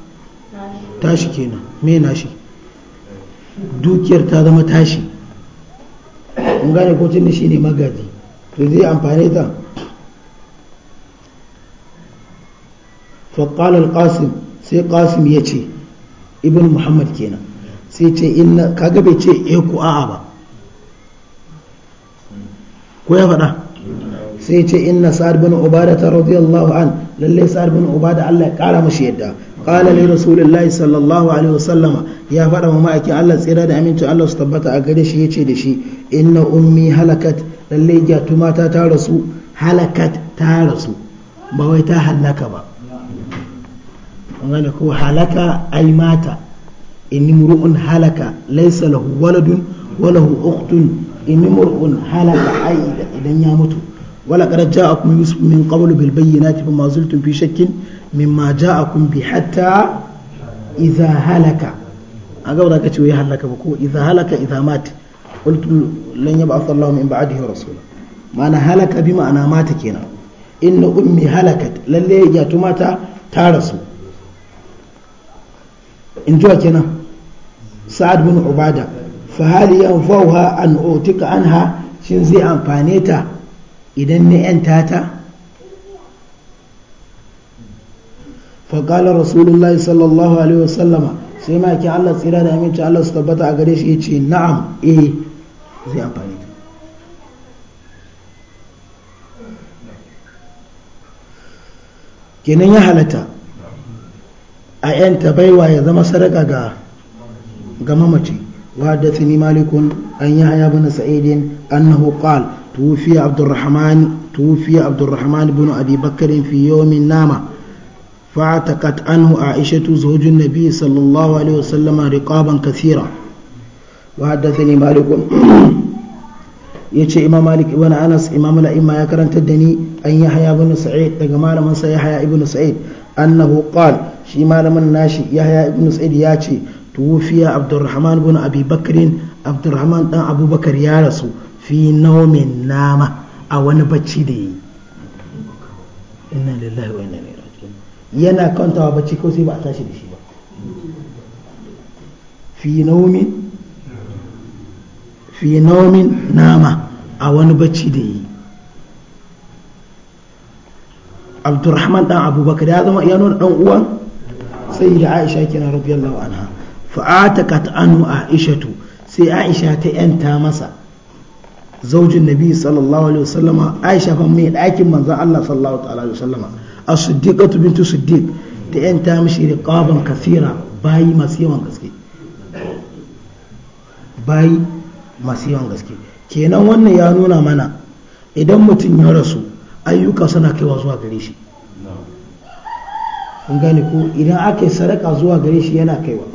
tashi kenan me na shi dukiyar ta zama tashi mun gane ko shi ne magadi to zai amfane ta فقال sai qasim ya ce ابن muhammad kenan sai ce inna kaga bai ce eh ku a'a ba ko ya faɗa sai ce inna sa'ad bin ubada ta radiyallahu an lalle sa'ad bin ubada Allah ya kara mashi yadda qala li rasulillahi sallallahu alaihi wasallama ya faɗa wa ma'aikin Allah tsira da aminci Allah su tabbata a gare shi yace da shi inna ummi halakat lallai gyatuma mata ta rasu halakat ta rasu ba wai ta halaka ba ko halaka ai mata inni mur'un halaka laisa lahu waladun walahu ukhtun inni mur'un halaka ai idan ya mutu wala qad ja'akum yusuf min qabl bil bayyinati fama zultum fi shakkin mimma ja'akum bi hatta idza halaka aga ba ka ce wai halaka ba ko idza halaka idza mata qultu lan yab'ath ma'ana mata kenan inna ummi halakat lalle ya tu mata ta rasu in jiwa kenan sa'ad bin ubada fa hal yanfa'uha an anha shin zai amfane ta idan na yanta ta faƙalar rasulullahi sallallahu alaihi wasallama sai maki allah tsira da aminci allah su tabbata a gare shi ya ce na'am E! zai kenan ya halatta a yanta baiwa ya zama sadaka ga gama mace wadda su ni malikun an yi haya bane sa'idin an na hukal tufi abdurrahman bin adibakarin fi yomin nama fa ta katanu a ishe tu zojin nabi sallallahu alaihi wasallama rikaban kasira وحدثني مالك yace imam malik ibn anas imam la'imma ya karantar da ni an yahya ibn sa'id daga malamin sa yahya ibn sa'id annahu qal shi malamin nashi yahya ibn sa'id ya ce tuwfiya abdurrahman ibn abi bakr abdurrahman dan abubakar ya rasu fi naumin nama a wani bacci da yi yana kantawa bacci ba a tashi da shi ba fi naumin nama a wani bacci da yi abdurrahman dan abubakar ya zama iya nuna dan uwan sai da aisha kenan radiyallahu anha kat anu aishatu sai aisha ta yanta masa zaujin nabi sallallahu alaihi wasallama aisha ban mai ɗakin manzon Allah sallallahu alaihi wasallama as tu bintu siddiq ta yanta mishi riqaban kasira bayi masu yawan gaske bayi masu yawan gaske kenan wannan ya nuna mana idan mutum ya rasu ayyuka suna kaiwa zuwa gare shi kun gane ko idan aka sadaka zuwa gare shi yana kaiwa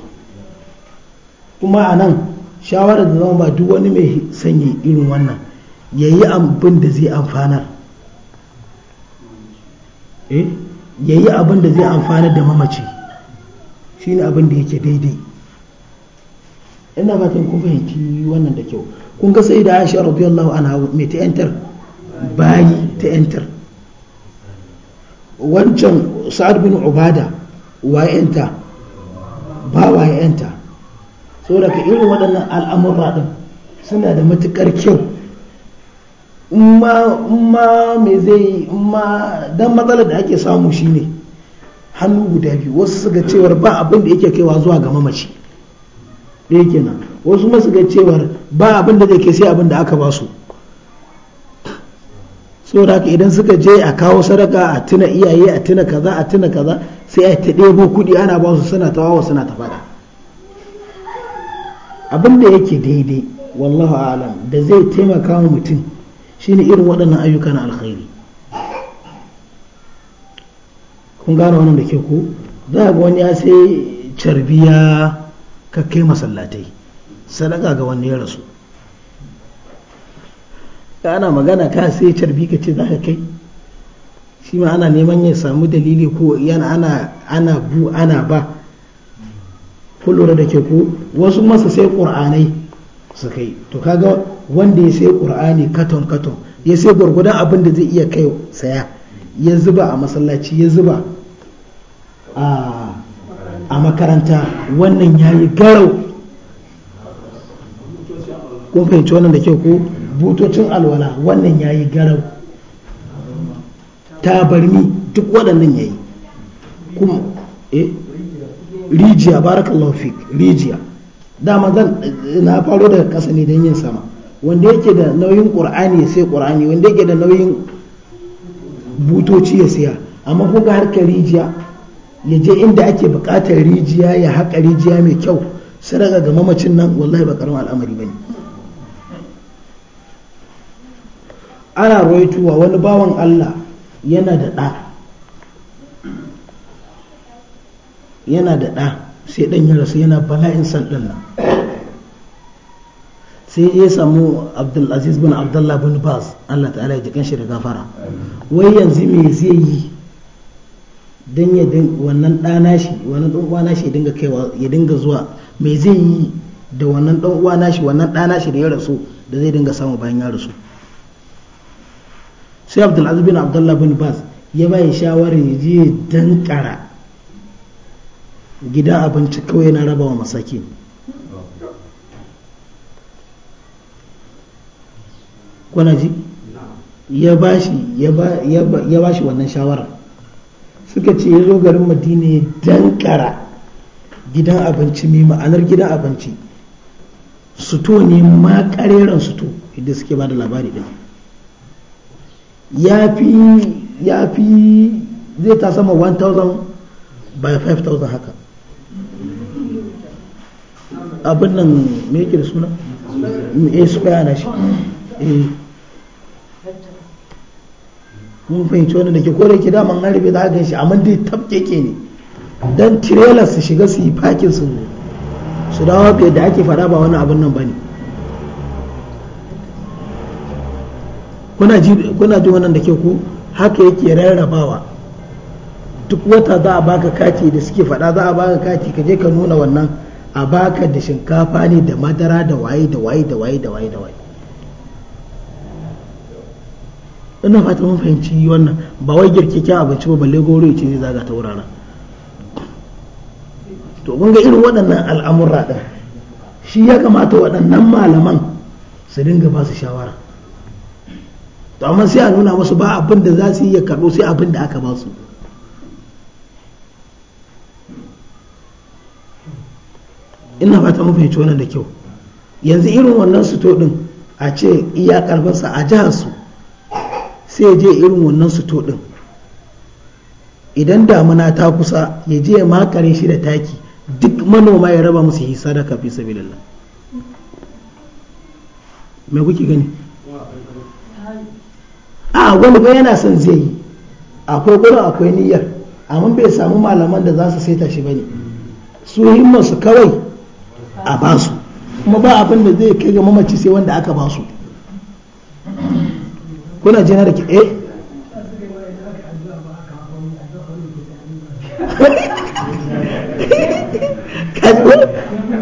kuma a nan shawarar da zama ba duk wani mai sanyi irin wannan ya yi abin da zai amfanar eh? ya yi abin da zai amfanar da mamaci shi ne abin da yake daidai ina fatan kun fahimci wannan da kyau kun ga sai da Aisha radiyallahu anha mai ta yantar bayi ta yantar wancan Sa'ad bin Ubada wa yanta ba wa yanta saboda ka irin waɗannan al'amurra din suna da matukar kyau ma me zai ma dan matsalar da ake samu shine hannu guda biyu wasu suka cewar ba abin da yake kaiwa zuwa ga mamaci ɗaya kenan wasu masu ga cewa ba abin da zai ke sai abin da aka ba su saboda haka idan suka je a kawo sadaka a tuna iyaye a tuna kaza a tuna kaza sai a ta ɗebo kuɗi ana ba su suna ta wawa suna ta faɗa abin da yake daidai wallahu alam da zai taimaka wa mutum shine irin waɗannan ayyuka na alkhairi kun gane wannan da ke ku za ga wani ya sai carbiya ka kai masallatai sadaka ga wani ya rasu ana magana ka sai carbi ka ce za ka kai shi ma ana neman ya samu dalili ko yana ana ana bu ana ba ku da ke ku wasu masa sai ƙur'anai su kai to kaga wanda ya sai ƙur'ani katon katon ya sai gwargwadon abin da zai iya kai saya ya zuba a masallaci ya zuba a a makaranta wannan ya yi garau kun fahimci wannan da ke ko butocin alwala wannan ya yi garau barmi duk waɗannan ya yi kuma eh rijiya barakallahu fik rijiya dama zan eh, na faro daga ƙasa ne don yin sama wanda yake da nauyin ƙur'ani sai ƙur'ani wanda yake da nauyin butoci ya siya amma kuka harkar rijiya ya je inda ake buƙatar rijiya ya haƙa rijiya mai kyau sadaka ga mamacin nan wallahi ba karamar al'amari ba ne. ana roituwa wani bawan Allah yana da ɗa yana da ɗa sai ɗan ya rasu yana bala'in san ɗan nan sai ya samu abdulaziz bin abdullah bin baz Allah ta'ala ya kan shi da gafara wai yanzu me zai yi don ya wannan ɗana shi wannan ɗan uwa nashi dinga kaiwa ya dinga zuwa mai zai yi da wannan ɗan uwa nashi wannan ɗana shi da ya rasu da zai dinga samu bayan ya rasu sai abdulaziz bin abdullah bin bas ya bai shawarar ya je dankara gidan abinci kawai na raba wa masaki kuna ya bashi ya bashi wannan shawarar suka ce ya zo garin madina ya dankara gidan abinci mai ma'anar gidan abinci su to ne ma kareren to idan suke ba da labari din ya fi ya fi zai ta sama 1000 by 5000 haka abin nan me yake da suna? square na shi eh. mun fahimci wani da ke kore ki daman harbi za a shi amma dai ke ne dan trailer su shiga su yi fakin su su dawo fiye da ake fara ba wani abun nan bane kuna ji kuna ji wannan da ke ku haka yake rarrabawa duk wata za a baka kati da suke fada za a baka kati ka je ka nuna wannan a baka da shinkafa ne da madara da waye da waye da waye da waye da waye ina fata mun fahimci wannan ba wai girkeken abinci ba balle goro ya ce zai zaga ta wuraren to kun ga irin waɗannan al'amurra ɗin shi ya kamata waɗannan malaman su dinga ba su shawara to amma sai a nuna musu ba abin da za su yi ya karɓo sai abin da aka ba su ina fata mun fahimci wannan da kyau yanzu irin wannan suto ɗin a ce iya karɓarsa a jihar su sai je irin wannan suto ɗin idan damuna ta kusa ya je ya makare shi da taki duk manoma ya raba musu yi sadaka fi sabilillah mai kuke gani a wani ba yana son zai yi akwai gudun akwai niyyar amma bai samu malaman da za su saita shi ba ne su himmarsu kawai a basu kuma ba abin da zai kai ga mamaci sai wanda aka basu kuna jina da ke eh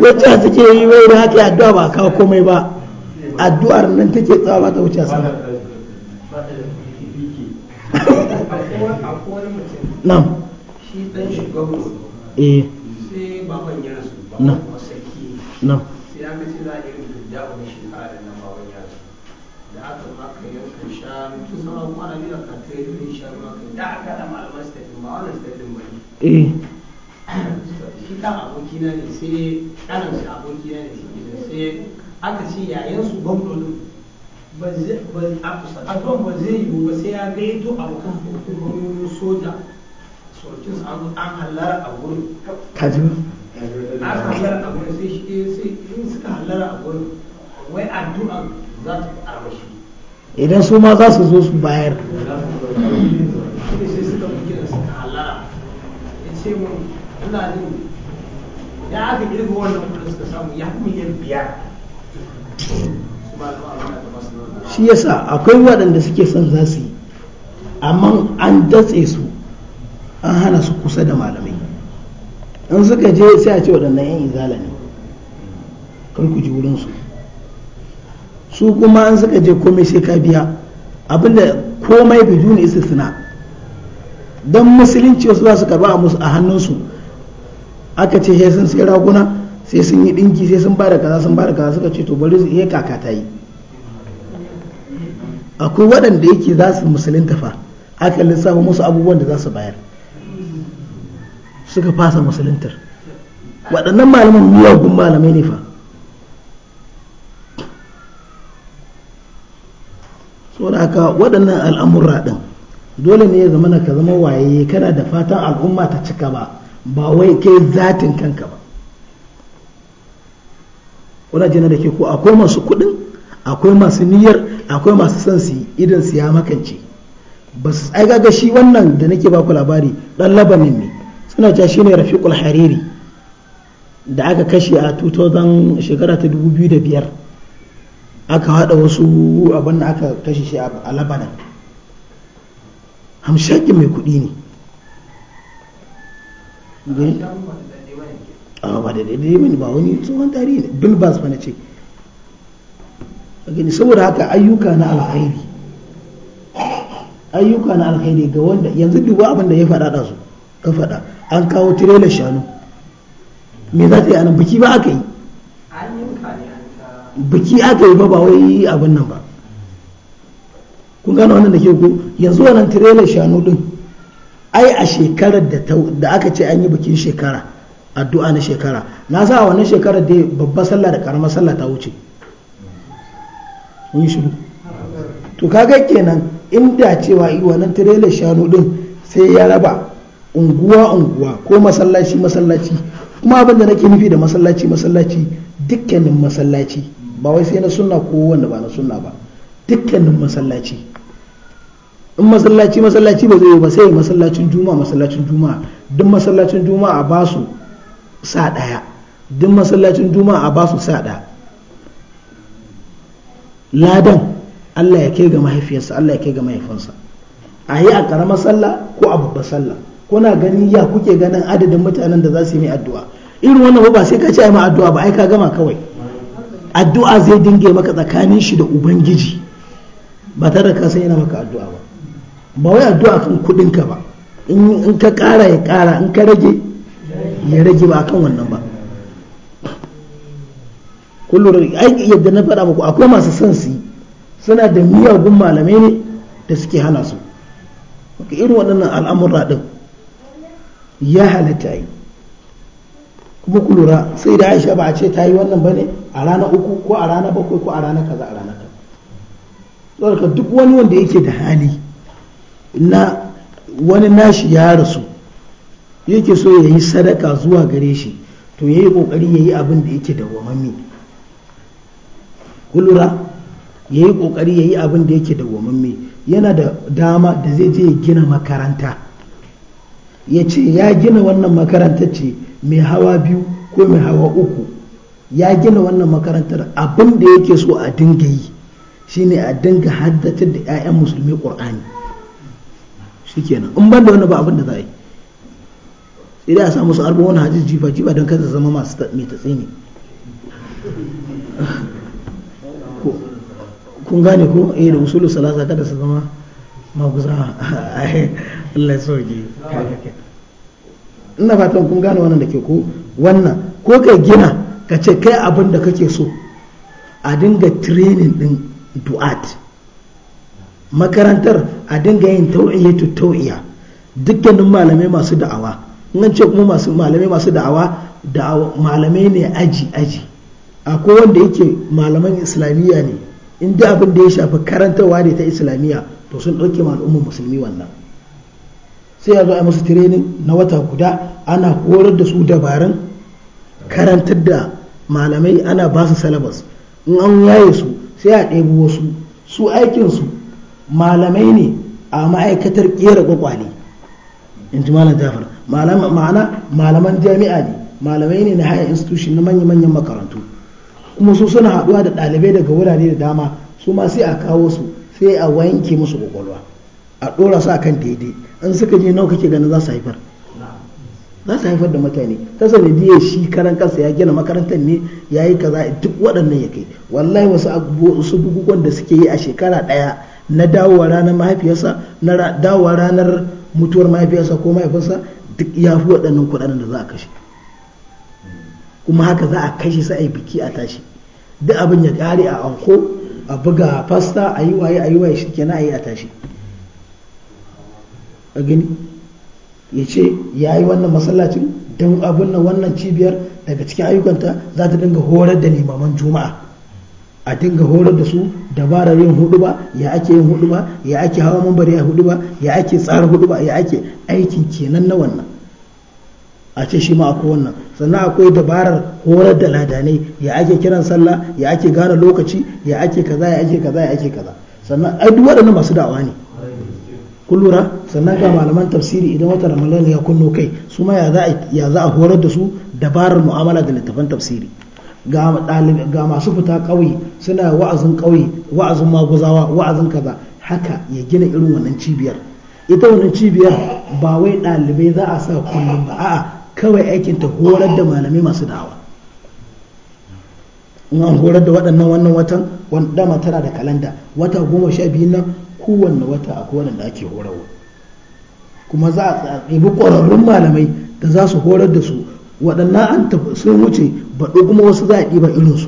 wacce suke yi wai da haka addu'a ba kawo komai ba addu'ar nan take tsawa ba ta wuce sama nan ranaku sauran kwana biyu da aka da shi eh. kan aboki na ne sai ɗanan shi aboki na ne sai aka ce yayan su gwamnonin ba zai ba zai yiwu ba sai ya gaito abokan hukumomin soja sokin su an hallara a gurin kajin an hallara a gurin sai shi sai in suka hallara a gurin wai addu'a za ta fi shi. idan su ma za su zo su bayar shi ya sa akwai waɗanda suke son za su yi amma an datse su an hana su kusa da malamai in suka je sai a ce waɗannan yan izala ne kar ku ji wurinsu su kuma an suka je komai sai ka biya abinda komai bai biduni istisna dan musulunci wasu za su karba a musu a hannunsu aka ce sai sun sai raguna sai sun yi dinki sai sun bada kaza sun bada kaza suka ce to bari su iya kaka yi akwai waɗanda yake za su musulunta fa aka lissafa musu abubuwan da za su bayar suka fasa musuluntar waɗannan malaman miyagun malamai ne fa saboda haka waɗannan al'amurra ɗin dole ne ya zama ka zama waye kana da fatan al'umma ta cika ba ba wai kai zatin kanka ba kuna jina da ke ko akwai masu kuɗin akwai masu niyyar akwai masu son su idan su ya makance ba su tsaye ga shi wannan da nake baku labari dan labanin ne suna cewa shine rafiqul hariri da aka kashe a 2000 shekara ta 2005 aka hada wasu abin da aka kashe shi a labanan hamshakin mai kudi ne a ba da daidai ba wani tsohon tarihi ne bilbas ce gani saboda haka ayyuka na alkhairi ayyuka na alkhairi ga wanda yanzu duba abin da ya faɗa da su ka faɗa an kawo tirelar shanu me za ta yi anan biki ba aka yi biki aka yi ba ba wai abin nan ba kun gano wannan da ke ku yanzu wannan tirela shanu din ai a shekarar da aka ce an yi bikin shekara addu'a na shekara na sa wannan shekarar da babbar sallah da karamar sallah ta wuce mun shiru to kaga kenan inda cewa yi wannan tirelar shanu din sai ya raba unguwa unguwa ko masallaci masallaci kuma abin da nake nufi da masallaci masallaci dukkanin masallaci ba wai sai na sunna ko wanda ba na sunna ba dukkanin masallaci in masallaci masallaci ba zai ba sai masallacin juma'a masallacin juma'a duk masallacin juma'a ba su sa daya duk masallacin juma'a ba su sa daya ladan Allah ya kai ga mahaifiyarsa Allah ya kai ga mahaifinsa a yi a karamar sallah ko a babbar sallah kuna gani ya kuke ganin adadin mutanen da za su yi mai addu'a irin wannan ba sai ka ce ai ma addu'a ba ai ka gama kawai addu'a zai dinge maka tsakanin shi da ubangiji ba tare ka san yana maka addu'a ba ba wai addu'a kan kudin ka ba in ka kara ya kara in ka rage ya rage ba kan wannan ba kullum ai yadda na faɗa muku akwai masu son su suna da miyagun malamai ne da suke hana su irin waɗannan al'amura ɗin ya halatta yi kuma ku lura sai da aisha ba a ce ta yi wannan ba ne a rana uku ko a rana bakwai ko a rana kaza a rana kaza ka duk wani wanda yake da hali na wani nashi ya rasu yake so ya yi sadaka zuwa gare shi to ya yi kokari ya yi abin da yake dawwamammi ku lura ya yi kokari ya yi abin da yake dawwamammi yana da dama da zai je ya gina makaranta ya ce ya gina wannan makarantar ce mai hawa biyu ko mai hawa uku ya gina wannan makarantar abin da yake so a dinga yi shine a dinga haddace da 'ya'yan musulmi ƙur'ani shikenan in ban da wani ba abin da za a yi sai a samu su arba wani hajji jifa jifa don kada zama masu mai tsini kun gane ko eh da usulu salasa kada su zama maguza Allah ina fatan kun gane wannan da ke ko wannan ko ka gina ka ce kai abin da kake so a dinga training din du'at makarantar a dinga yin to tau'iyya dukkanin malamai masu da'awa in ce kuma masu malamai masu da'awa da malamai ne aji aji akwai wanda yake malaman islamiyya ne inda abin da ya shafi karantarwa ne ta islamiyya to sun ɗauke ma al'ummar musulmi wannan sai a zo a musu tirenin na wata guda ana horar da su dabarun karantar da malamai ana ba su salabas in an yaye su sai a ɗebi wasu su aikinsu malamai ne a ma'aikatar ƙera kwakwale in ji malam jafar ma'ana malaman jami'a ne malamai ne na haya institution na manya-manyan makarantu kuma su suna haɗuwa da ɗalibai daga wurare da dama su ma sai a kawo su sai a wanke musu kwakwalwa a ɗora su a kan daidai in suka je nawa kake ganin za su haifar za su haifar da mutane ta sanadiyar shi karan kansa ya gina makarantar ne ya yi kaza duk waɗannan ya kai wallahi wasu bukukuwan da suke yi a shekara ɗaya na dawowa ranar mahaifiyarsa na dawowa ranar mutuwar mahaifiyarsa ko mahaifinsa duk ya fi waɗannan kuɗaɗen da za a kashe kuma haka za a kashe su a yi biki a tashi duk abin ya ƙare a anko a buga fasta a yi waye a yi waye shi kenan a yi a tashi a gani ya ce ya yi wannan masallacin don abin nan wannan cibiyar daga cikin ayyukanta za ta dinga horar da limaman juma'a a dinga horar da su dabarar yin hudu ba ya ake yin hudu ba ya ake hawa mambari a hudu ba ya ake tsara hudu ba ya ake aikin kenan na wannan a ce shi ma akwai wannan sannan akwai dabarar horar da ladanai ya ake kiran sallah ya ake gane lokaci ya ake kaza ya ake kaza ya ake kaza sannan ai duk waɗannan masu da'awa ne kun lura sannan ga malaman tafsiri idan wata ramadan ya kunno kai su ma ya za a horar da su dabarar mu'amala da littafan tafsiri ga masu fita ƙauye suna wa'azin ƙauye wa'azin maguzawa wa'azin kaza haka ya gina irin wannan cibiyar ita wannan cibiyar ba wai ɗalibai za a sa kullum ba a'a kawai aikin ta horar da malamai masu dawa. in horar da waɗannan wannan watan wanda tana da kalanda wata goma sha biyu nan kowanne wata a kowanne da ake horarwa kuma za a ɗebi ƙwararrun malamai da za su horar da su waɗannan an tafi sun wuce baɗo kuma wasu za a ɗiba irinsu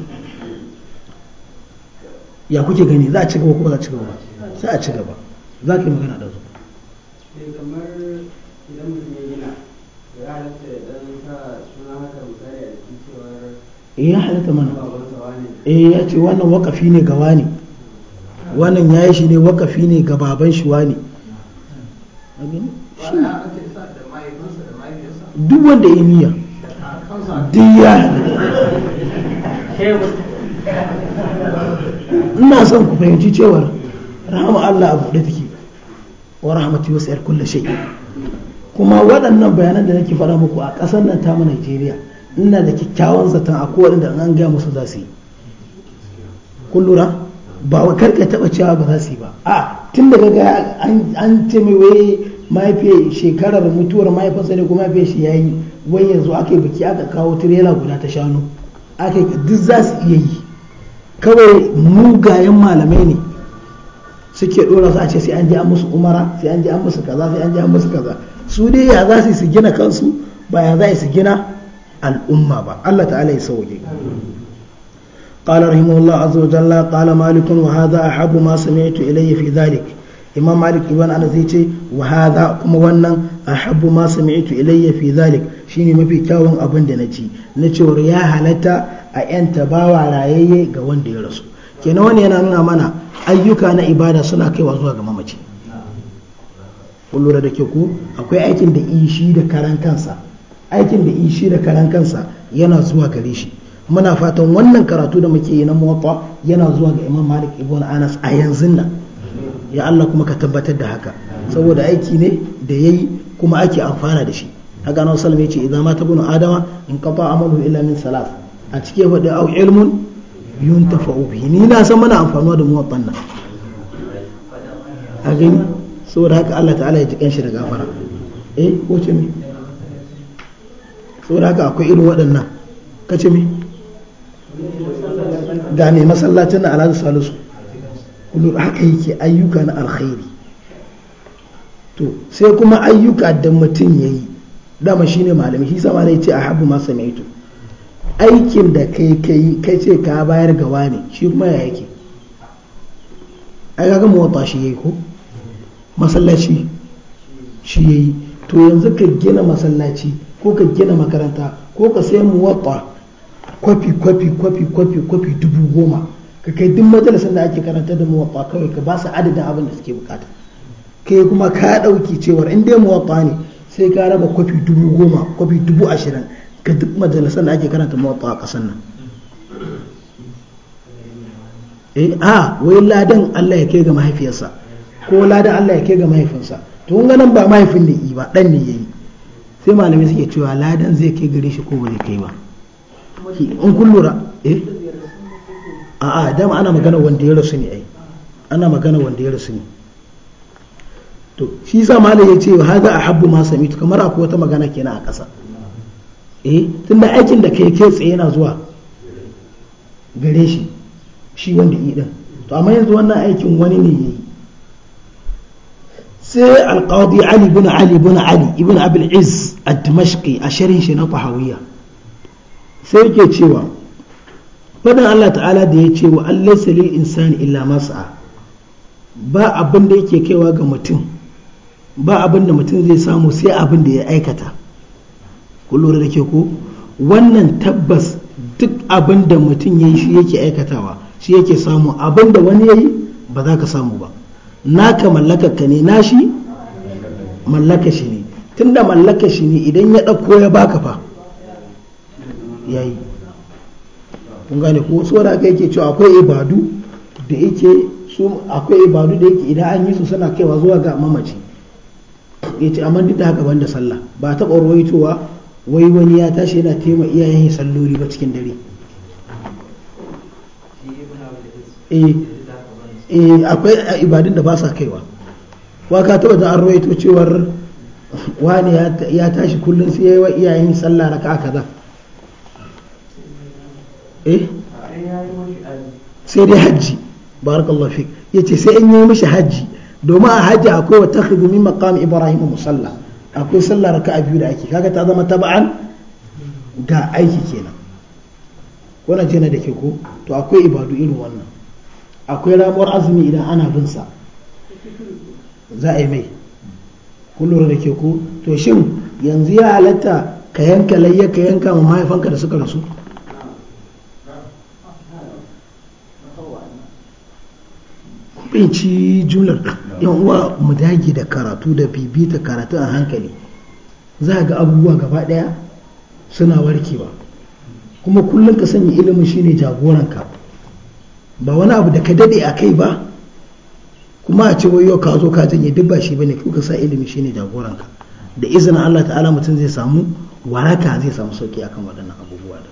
ya kuke gani za a ci gaba kuma za a ci gaba za a ci gaba za ka yi magana da su eh, ya gina ya halatta ya ɗan sa suna eh, ya mana eh ya ce wannan wakafi ne gawa ne wannan ya yi shi ne wakafi ne ga baban shi wani duk wanda ya niyya duk ya ina son ku fahimci cewar rahama Allah a buɗe take wa wasu yar kulle shay kuma waɗannan bayanan da nake fara muku a ƙasar nan ta mu Najeriya ina da kyakkyawan zaton a kowane da an ga musu za su yi kun lura ba wa karka taba cewa ba za su yi ba a tun da ga an ce mai wai mahaifiyar shekarar mutuwar mahaifarsa ne kuma mahaifiyar shi yayi wai yanzu aka yi biki aka kawo tirela guda ta shanu aka yi duk za su iya yi kawai mugayen malamai ne suke dora su a ce sai an je an musu umara sai an je an musu kaza sai an je an musu kaza su dai ya za su gina kansu ba ya za su gina al'umma ba Allah ta'ala ya sauke قال رحمه الله عز وجل قال مالك وهذا أحب ما سمعت إليه في ذلك إمام مالك إبن أنا زيتي وهذا كما ونن أحب ما سمعت إليه في ذلك شيني ما في كاون أبن دنتي نتي وريا هلتا أنت على رايي قوان دي رسول كنا وني أنا نونا منا أيوك أنا إبادة سنة كي وزوها كما مجي lura da ke ku akwai aikin da ishi da karan kansa aikin da ishi da karan kansa yana zuwa gare shi muna fatan wannan karatu da muke yi na muwatta yana zuwa ga imam malik ibn anas a yanzu nan ya Allah kuma ka tabbatar da haka saboda aiki ne da yayi kuma ake amfana da shi haka nan sallama yace idan mata bunu adama in qata amalu illa min salas a cikin fadi au ilmun yuntafa'u bi ni na san muna amfanuwa da muwattan nan a gani saboda haka Allah ta'ala ya ji kanshi da gafara eh ko ce me saboda haka akwai irin waɗannan ka ce me ga mai masallacin na alhaji salisu kullum haka yake ayyuka na alkhairi to sai kuma ayyuka da mutum ya yi dama shi ne malami shi sama ne ce a habu masa mai to aikin da kai kai kai ce ka bayar ga wani shi kuma ya yake ai kaga mota shi yayi ko masallaci shi ya yi to yanzu ka gina masallaci ko ka gina makaranta ko ka sai muwatta kwafi kwafi kwafi kwafi kwafi dubu goma ka kai duk majalisar da ake karanta da muwatta kawai ka ba su adadin abin da suke bukata kai kuma ka ɗauki cewar in dai muwatta ne sai ka raba kwafi dubu goma kwafi dubu ashirin ga duk majalisar da ake karanta muwatta a ƙasar nan eh a wai ladan Allah ya kai ga mahaifiyarsa ko ladan Allah ya kai ga mahaifinsa to kun ganin ba mahaifin ne yi ba dan ne yayi sai malamai suke cewa ladan zai kai gare shi ko ba zai kai ba in kun lura eh a'a dama ana magana wanda ya rasu ne ai ana magana wanda ya rasu ne to shi sa malai ya ce haza a habbu ma sami kamar akwai wata magana kenan a ƙasa eh tunda aikin da kai kai tsaye yana zuwa gare shi shi wanda yi din to amma yanzu wannan aikin wani ne yayi sai alqadi ali ibn ali ibn ali ibn abul izz ad-damashqi a sharhin shi na tahawiyya sai yake cewa fadan Allah ta'ala da ya ce wa Allah salil insani illa masa ba abin da yake kaiwa ga mutum ba abin da mutum zai samu sai abin da ya aikata lura da ke ko wannan tabbas duk abin da mutum ya yi shi yake aikatawa shi yake samu abin da wani ya yi ba za ka samu ba naka mallakarka ne na shi mallaka shi ne tunda mallaka shi ne idan ya ɗauko ya baka fa yi kun gane ko tsora kai yake cewa akwai ibadu da yake su akwai ibadu da yake idan an yi su suna kaiwa zuwa ga mamaci ce amma duk da haka banda sallah ba ta rawaitowa wai wani ya tashi yana tema iyayen salloli ba cikin dare eh, eh, akwai ibadun da ba sa kaiwa wa ka taɓa da an rawaito cewar wani ya tashi kullum sai ya yi wa iyayen sallah na ka'a kaza Eh? sai dai hajji barakallahu fik yace sai an yi mishi hajji domin a hajji akwai wa ta min maqam ibrahim musalla akwai sallar ka biyu da ake kaga ta zama taba'an ga aiki kenan wannan jina da ke ko to akwai ibadu irin wannan akwai ramuwar azumi idan ana bin sa za a yi mai kullum da ke ko to shin yanzu ya halatta ka yanka layya ka yanka ma mahaifanka da suka rasu binci jumlar yan uwa mu dage da karatu da bibita karatu a hankali za ga abubuwa gaba daya suna warkewa kuma kullum ka sanya ilimin shine jagoranka ba wani abu da ka dade a kai ba kuma a ce wai yau ka zo ka janye duk ba shi bane ka sa ilimi shine jagoranka da izinin Allah ta'ala mutum zai samu waraka zai samu sauki akan waɗannan abubuwa da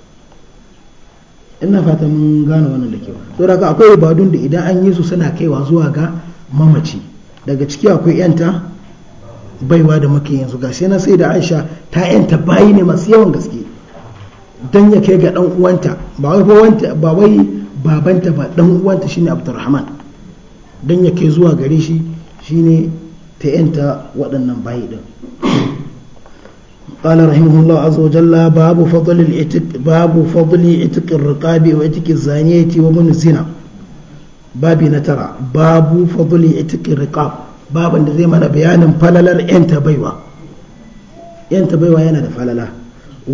ina fatan mun gane wannan da kewa to daga akwai ibadun da idan an yi su suna kaiwa zuwa ga mamaci daga ciki akwai yanta baiwa da muke yanzu ga sai na sai da Aisha ta yanta bayi ne masu yawan gaske dan ya kai ga dan uwanta ba wai uwanta ba wai babanta ba dan uwanta shine Abdurrahman dan ya kai zuwa gare shi shine ta yanta waɗannan bayi din قال رحمه الله عز وجل باب فضل الاتق باب فضل اتق الرقاب واتق الزانية ومن الزنا باب نترى باب فضل اتق الرقاب باب ان زي ما بيان فللر انت بيوا yana da falala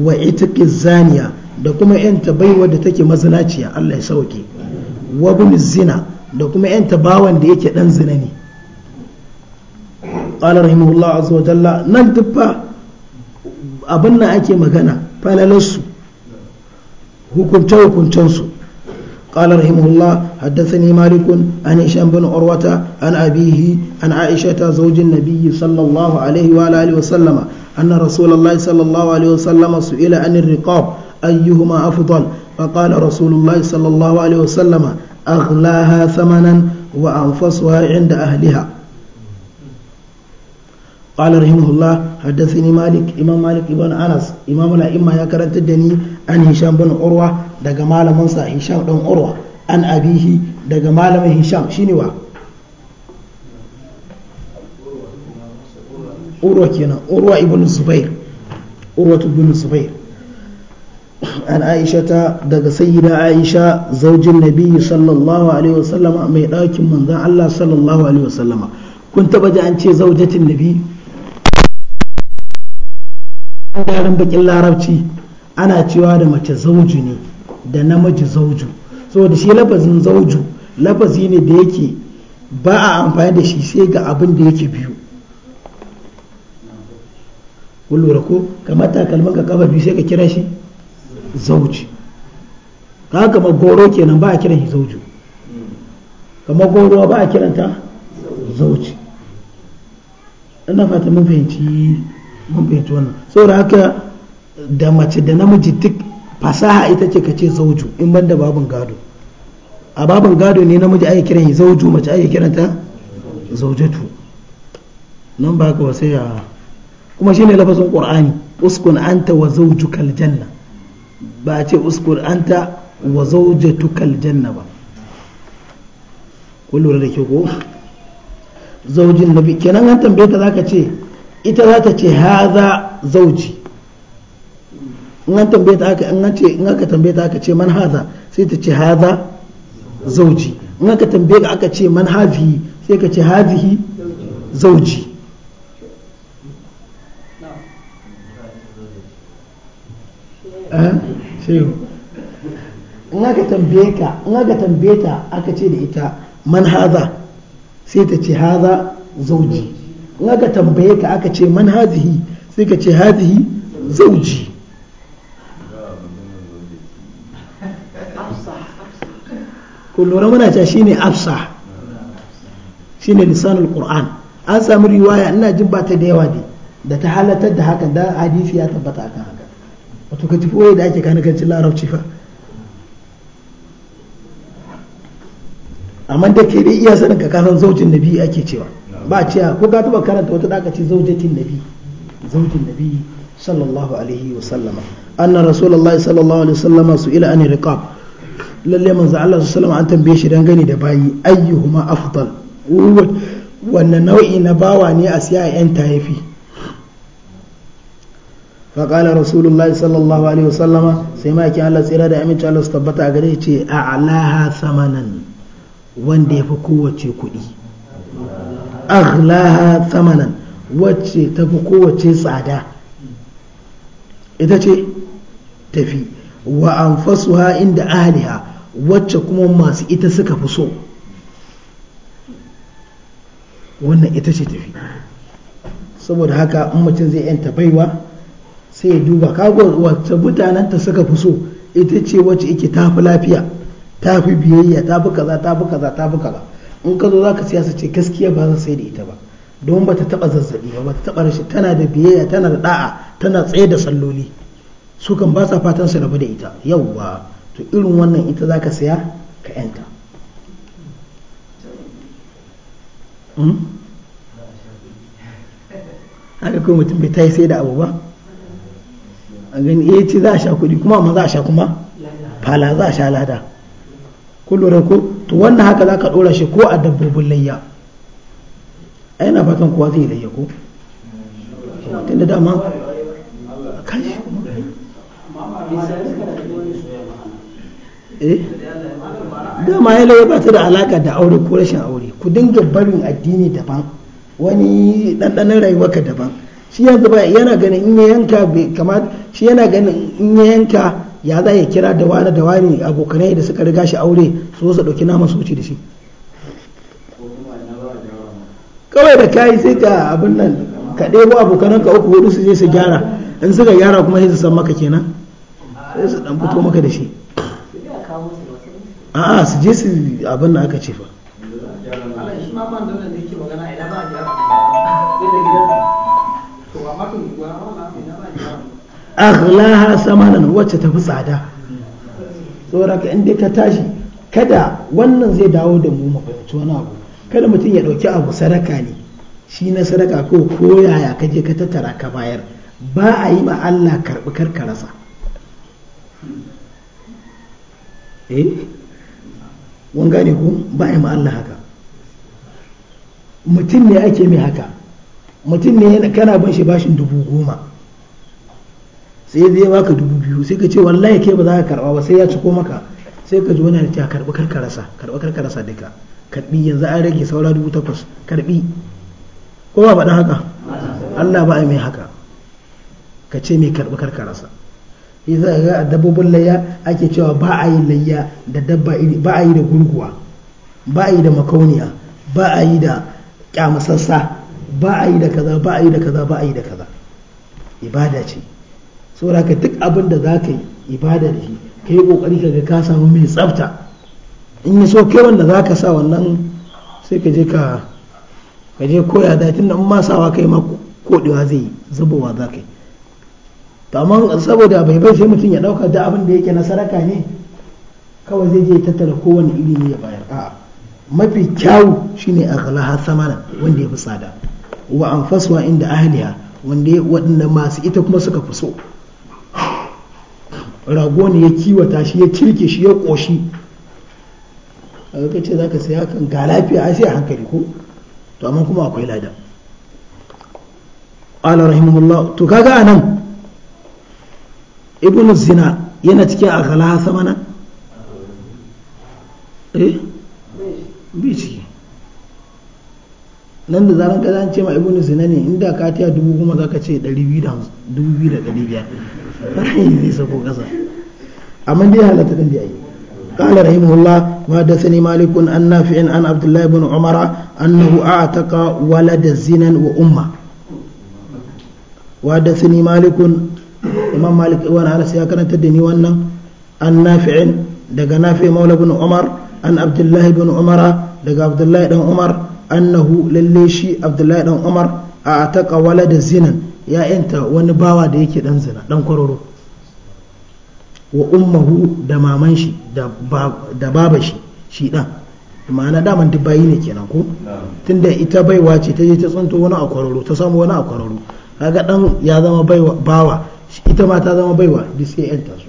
wa itiqi zaniya da kuma yanta baiwa da take mazinaciya Allah ya sauke wa zina da kuma yanta bawan da yake ɗan zina ne qala rahimahullah azza wa jalla nan duffa abin nan ake magana falalarsu hukunce-hukuncensu قال رحمه الله حدثني مالك عن هشام بن عروة عن أبيه عن عائشة زوج النبي صلى الله عليه وآله وسلم أن رسول الله صلى الله عليه وسلم سئل عن الرقاب أيهما أفضل فقال رسول الله صلى الله عليه وسلم أغلاها ثمنا وأنفسها عند أهلها قال رحمه الله حدثني مالك إمام مالك بن أنس إمام الأئمة يا كرنت الدني عن هشام بن عروة دق مال منصى هشام بن عروة عن أبيه دق مال من هشام شنو عروة كنا عروة ابن الزبير عروة بن الزبير عن عائشة دق سيدة عائشة زوج النبي صلى الله عليه وسلم ميراك من ذا الله صلى الله عليه وسلم كنت بدأ أن تزوجة النبي garin bakin larabci ana cewa da mace zauju ne da namiji zauju saboda shi lafazin zauju lafazi ne da yake ba a amfani da shi sai ga abin da yake biyu kun ko kamar takalmin ka kafa biyu sai ka kira shi zauji ka kamar goro kenan ba a kiran shi zauju kamar goro ba a kiranta zauji ina fata mun fahimci mun fahimci wannan saboda haka da mace da namiji duk fasaha ita ce kace zauju in ban da babin gado a babin gado ne namiji ake kiran zauju mace ake kiranta zaujatu nan ba ka wasai kuma shine lafazin qur'ani uskun anta wa zaujukal janna ba ce uskun anta wa zaujatukal janna ba kullu lura da ke ko zaujin nabi kenan an tambaye ta zaka ce ita za ta ce haza zauji in ka tambaye ta aka ce aka tambaye ta aka ce man haza sai ta ce haza zauji in aka tambaye ka aka ce man hazihi sai ka ce hazihi zauji eh? in aka tambaye ka in aka tambaye ta aka ce da ita man haza sai ta ce haza zauji in aka tambaye ka aka ce man hazihi sai ka ce hazihi zauji kun lura muna cewa shine afsa ne lisanul qur'an an samu riwaya ina jin ba ta da yawa ne da ta halatar da hakan da hadisi ya tabbata akan haka wato ka tafi da ake kana kan larabci fa amma da ke dai iya sanin ka kasan zaujin nabi ake cewa ba a cewa ko ka taba karanta wata da aka ce zaujatin nabi zaujin nabi sallallahu alaihi wa sallama anna rasulullahi sallallahu alaihi wa sallama su ila an riqab lalle manzo Allah sallama an tambaye shi dangane da bayi ayyuhuma afdal wannan nau'i na bawa ne a siya yan tayafi فقال رسول الله صلى الله عليه وسلم سيما كان الله سيرا دا امين الله ثبت اغري تي اعلاها ثمنا wanda ya fi kowace kuɗi aghlaha tsamanan wacce ta fi kowace tsada ita ce tafi wa anfasuha inda ahliha wacce kuma masu ita suka fi so wannan ita ce tafi saboda haka in mutum zai yanta baiwa sai ya duba kago wacce mutanenta suka fi so ita ce wacce ike tafi lafiya ta fi biyayya ta fi kaza ta fi kaza ta fi kaza in ka zo zaka siya ce gaskiya ba zan sai da ita ba don ba ta taba zazzabi ba ba ta taba rashi tana da biyayya tana da da'a tana tsaye da salloli su kan ba sa fatan su rabu da ita yawwa to irin wannan ita zaka siya ka yanta hmm? haka kuma mutum bai tayi sai da abu ba a gani eh ce za a sha kuɗi kuma amma za a sha kuma fala za a sha lada kun lura to wannan haka za ka ɗora shi ko a dabbobin layya a yana fatan kowa zai layya ko tun da dama kashi eh dama ya layya ba ta da alaka da aure ko rashin aure ku dinga barin addini daban wani ɗanɗanon rayuwarka daban shi yanzu ba yana ganin in ya yanka shi yana ganin in ya yanka ya za ya kira da wani da wani abokanai da suka riga shi aure su su ɗauki naman su wuce da shi kawai da kayi sai ka abin nan ka ɗebo abokanan ka uku hudu su je su gyara in suka gyara kuma sai su san maka kenan sai su dan fito maka da shi a'a su je su abin nan aka ce fa aghlaha samanan wacce tafi tsada tsoraka ka inda ka tashi kada wannan zai dawo da mu mafahimci wani abu kada mutum ya ɗauki abu sadaka ne shi na sadaka ko ko yaya ka je ka tattara ka bayar ba a yi ma Allah karɓi karka rasa eh wani gane ku ba a yi ma Allah haka mutum ne ake mai haka mutum ne kana bin shi bashin dubu goma sai zai baka dubu biyu sai ka ce wallahi ke ba za ka karba ba sai ya ciko maka sai ka zo na da ce karbi karkarasa karbi karkarasa duka karbi yanzu an rage saura dubu takwas karbi ko ba faɗin haka Allah ba a mai haka ka ce mai karbi karkarasa shi za ga a dabbobin layya ake cewa ba a yi layya da dabba ba a yi da gurguwa ba a yi da makauniya ba a yi da kyamasassa ba a yi da kaza ba a yi da kaza ba a yi da kaza ibada ce saboda ka duk abin da za ka yi ibada da shi ka yi kokari ka ga ka samu mai tsafta in yi so kai wanda za ka sa wannan sai ka je ka je koya da tun da ma sawa kai ma kodewa zai yi zubowa za ka yi to amma saboda bai bai sai mutum ya dauka da abin da yake na saraka ne kawai zai je tattara kowane iri ne ya bayar a'a mafi kyawu shine har samana wanda ya fi tsada wa anfasuwa inda ahliha wanda waɗanda masu ita kuma suka fi so rago ne ya kiwata shi ya cirke shi ya koshi a ka ce za ka sai hakan ga lafiya a sai hankali ko to amma kuma akwai lada ala rahimahullah to kaga anan ibn zina yana cikin akala samana eh bi ciki nan da zaran ka zan ce ma ibn zina ne inda ka taya dubu kuma za ka ce biyar. ra'ayi zai sako kasa amma dai halatta din da قال رحمه الله وحدثني مالك عن نافع عن عبد الله بن عمر أنه أعتق ولد زنا وأمه وحدثني مالك إمام مالك وانا أنا سيكون تدني وانا عن نافع دقى نافع مولى بن عمر عن عبد الله بن عمر دقى عبد الله بن عمر أنه لليشي عبد الله بن عمر أعتق ولد زنا yayanta wani bawa da yake dan zina dan kwararo wa ummahu da maman shi da baba shi shi dan ma'ana daman duk bayi ne kenan ko tunda ita baiwa ce ta je ta tsunto wani a kwararo ta samu wani a kwararo kaga dan ya zama baiwa bawa ita ma ta zama baiwa duk sai yanta su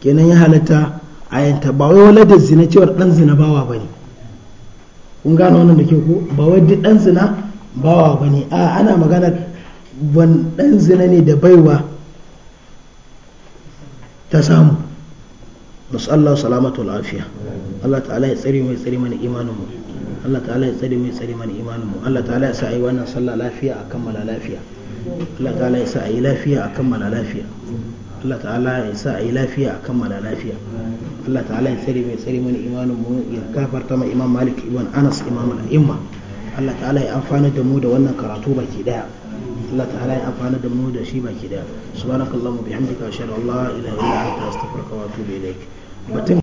kenan ya halatta a yanta ba wai wala da zina cewa dan zina bawa bane kun gane wannan da ke ko ba wai duk dan zina bawa ba ne a ana maganar dan zina ne da baiwa ta samu musallar salamatu lafiya Allah ta'ala ya tsari mai tsari mana imaninmu Allah ta'ala ya tsari mai tsari mana imaninmu Allah ta'ala ya sa a yi wannan sallah lafiya a kammala lafiya Allah ta'ala ya sa a yi lafiya a kammala lafiya Allah ta'ala ya sa a yi lafiya a kammala lafiya Allah ta'ala ya tsari mai tsari mana imaninmu ya gafarta ma imam malik ibn anas imam al'imma Allah ta'ala ya amfana da mu da wannan karatu baki daya Allah ta'ala ya amfana da mu da shi baki daya subhanakallahumma bihamdika ashhadu an la ilaha illa anta astaghfiruka wa atubu ilaik